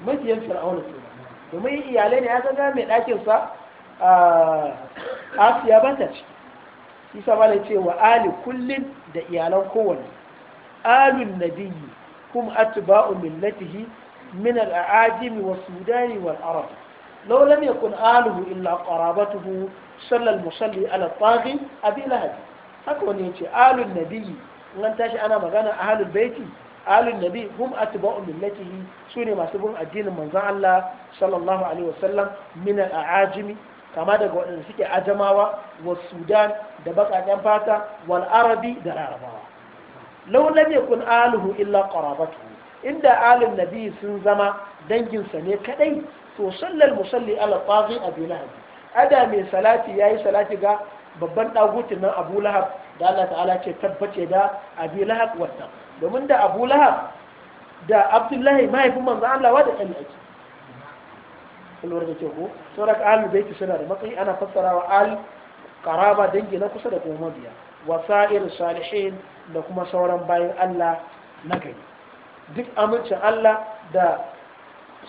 mabiyan fir'auna domin iyalai ne ya ga mai ɗakin sa Ah, asiya ba ta ciki isa ba ce cewa ali kullin da iyalan kowanne alun nabiyyi hum atba'u millatihi min al-aajim wa sudani wal arab law lam yakun aluhu illa qarabatuhu salla al-musalli ala taghi abi lahab haka wani yace alun nabiyyi in tashi ana magana ahlul baiti alun nabi hum atba'u millatihi sune masu bin addinin manzon Allah sallallahu alaihi wasallam min al-aajim kama daga waɗanda suke ajamawa wa sudan da baƙaƙen fata wal arabi da larabawa lau lam yakun aluhu illa qarabatu inda alin nabi sun zama danginsa ne kadai to sallal musalli ala taghi abi ada mai salati yayi salati ga babban dagutin nan abu da Allah ta'ala ce tabbace da abi lahab wata domin da abu da abdullahi mahaifin manzo Allah wa da kalli aiki. kullum da ke ko sauran ahlul baiti suna da matsayi ana fassarawa al qaraba dangi na kusa da kuma mabiya wasa'ir salihin da kuma sauran bayan Allah na gari duk amincin Allah da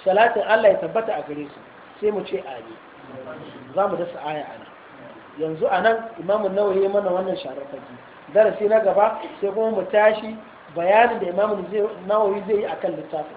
salatin Allah ya tabbata a gare su sai mu ce ali za mu dasa aya ana yanzu a nan imamun nawawi ya mana wannan sharar fage darasi na gaba sai kuma mu tashi bayanin da imamun nawawi zai yi akan littafin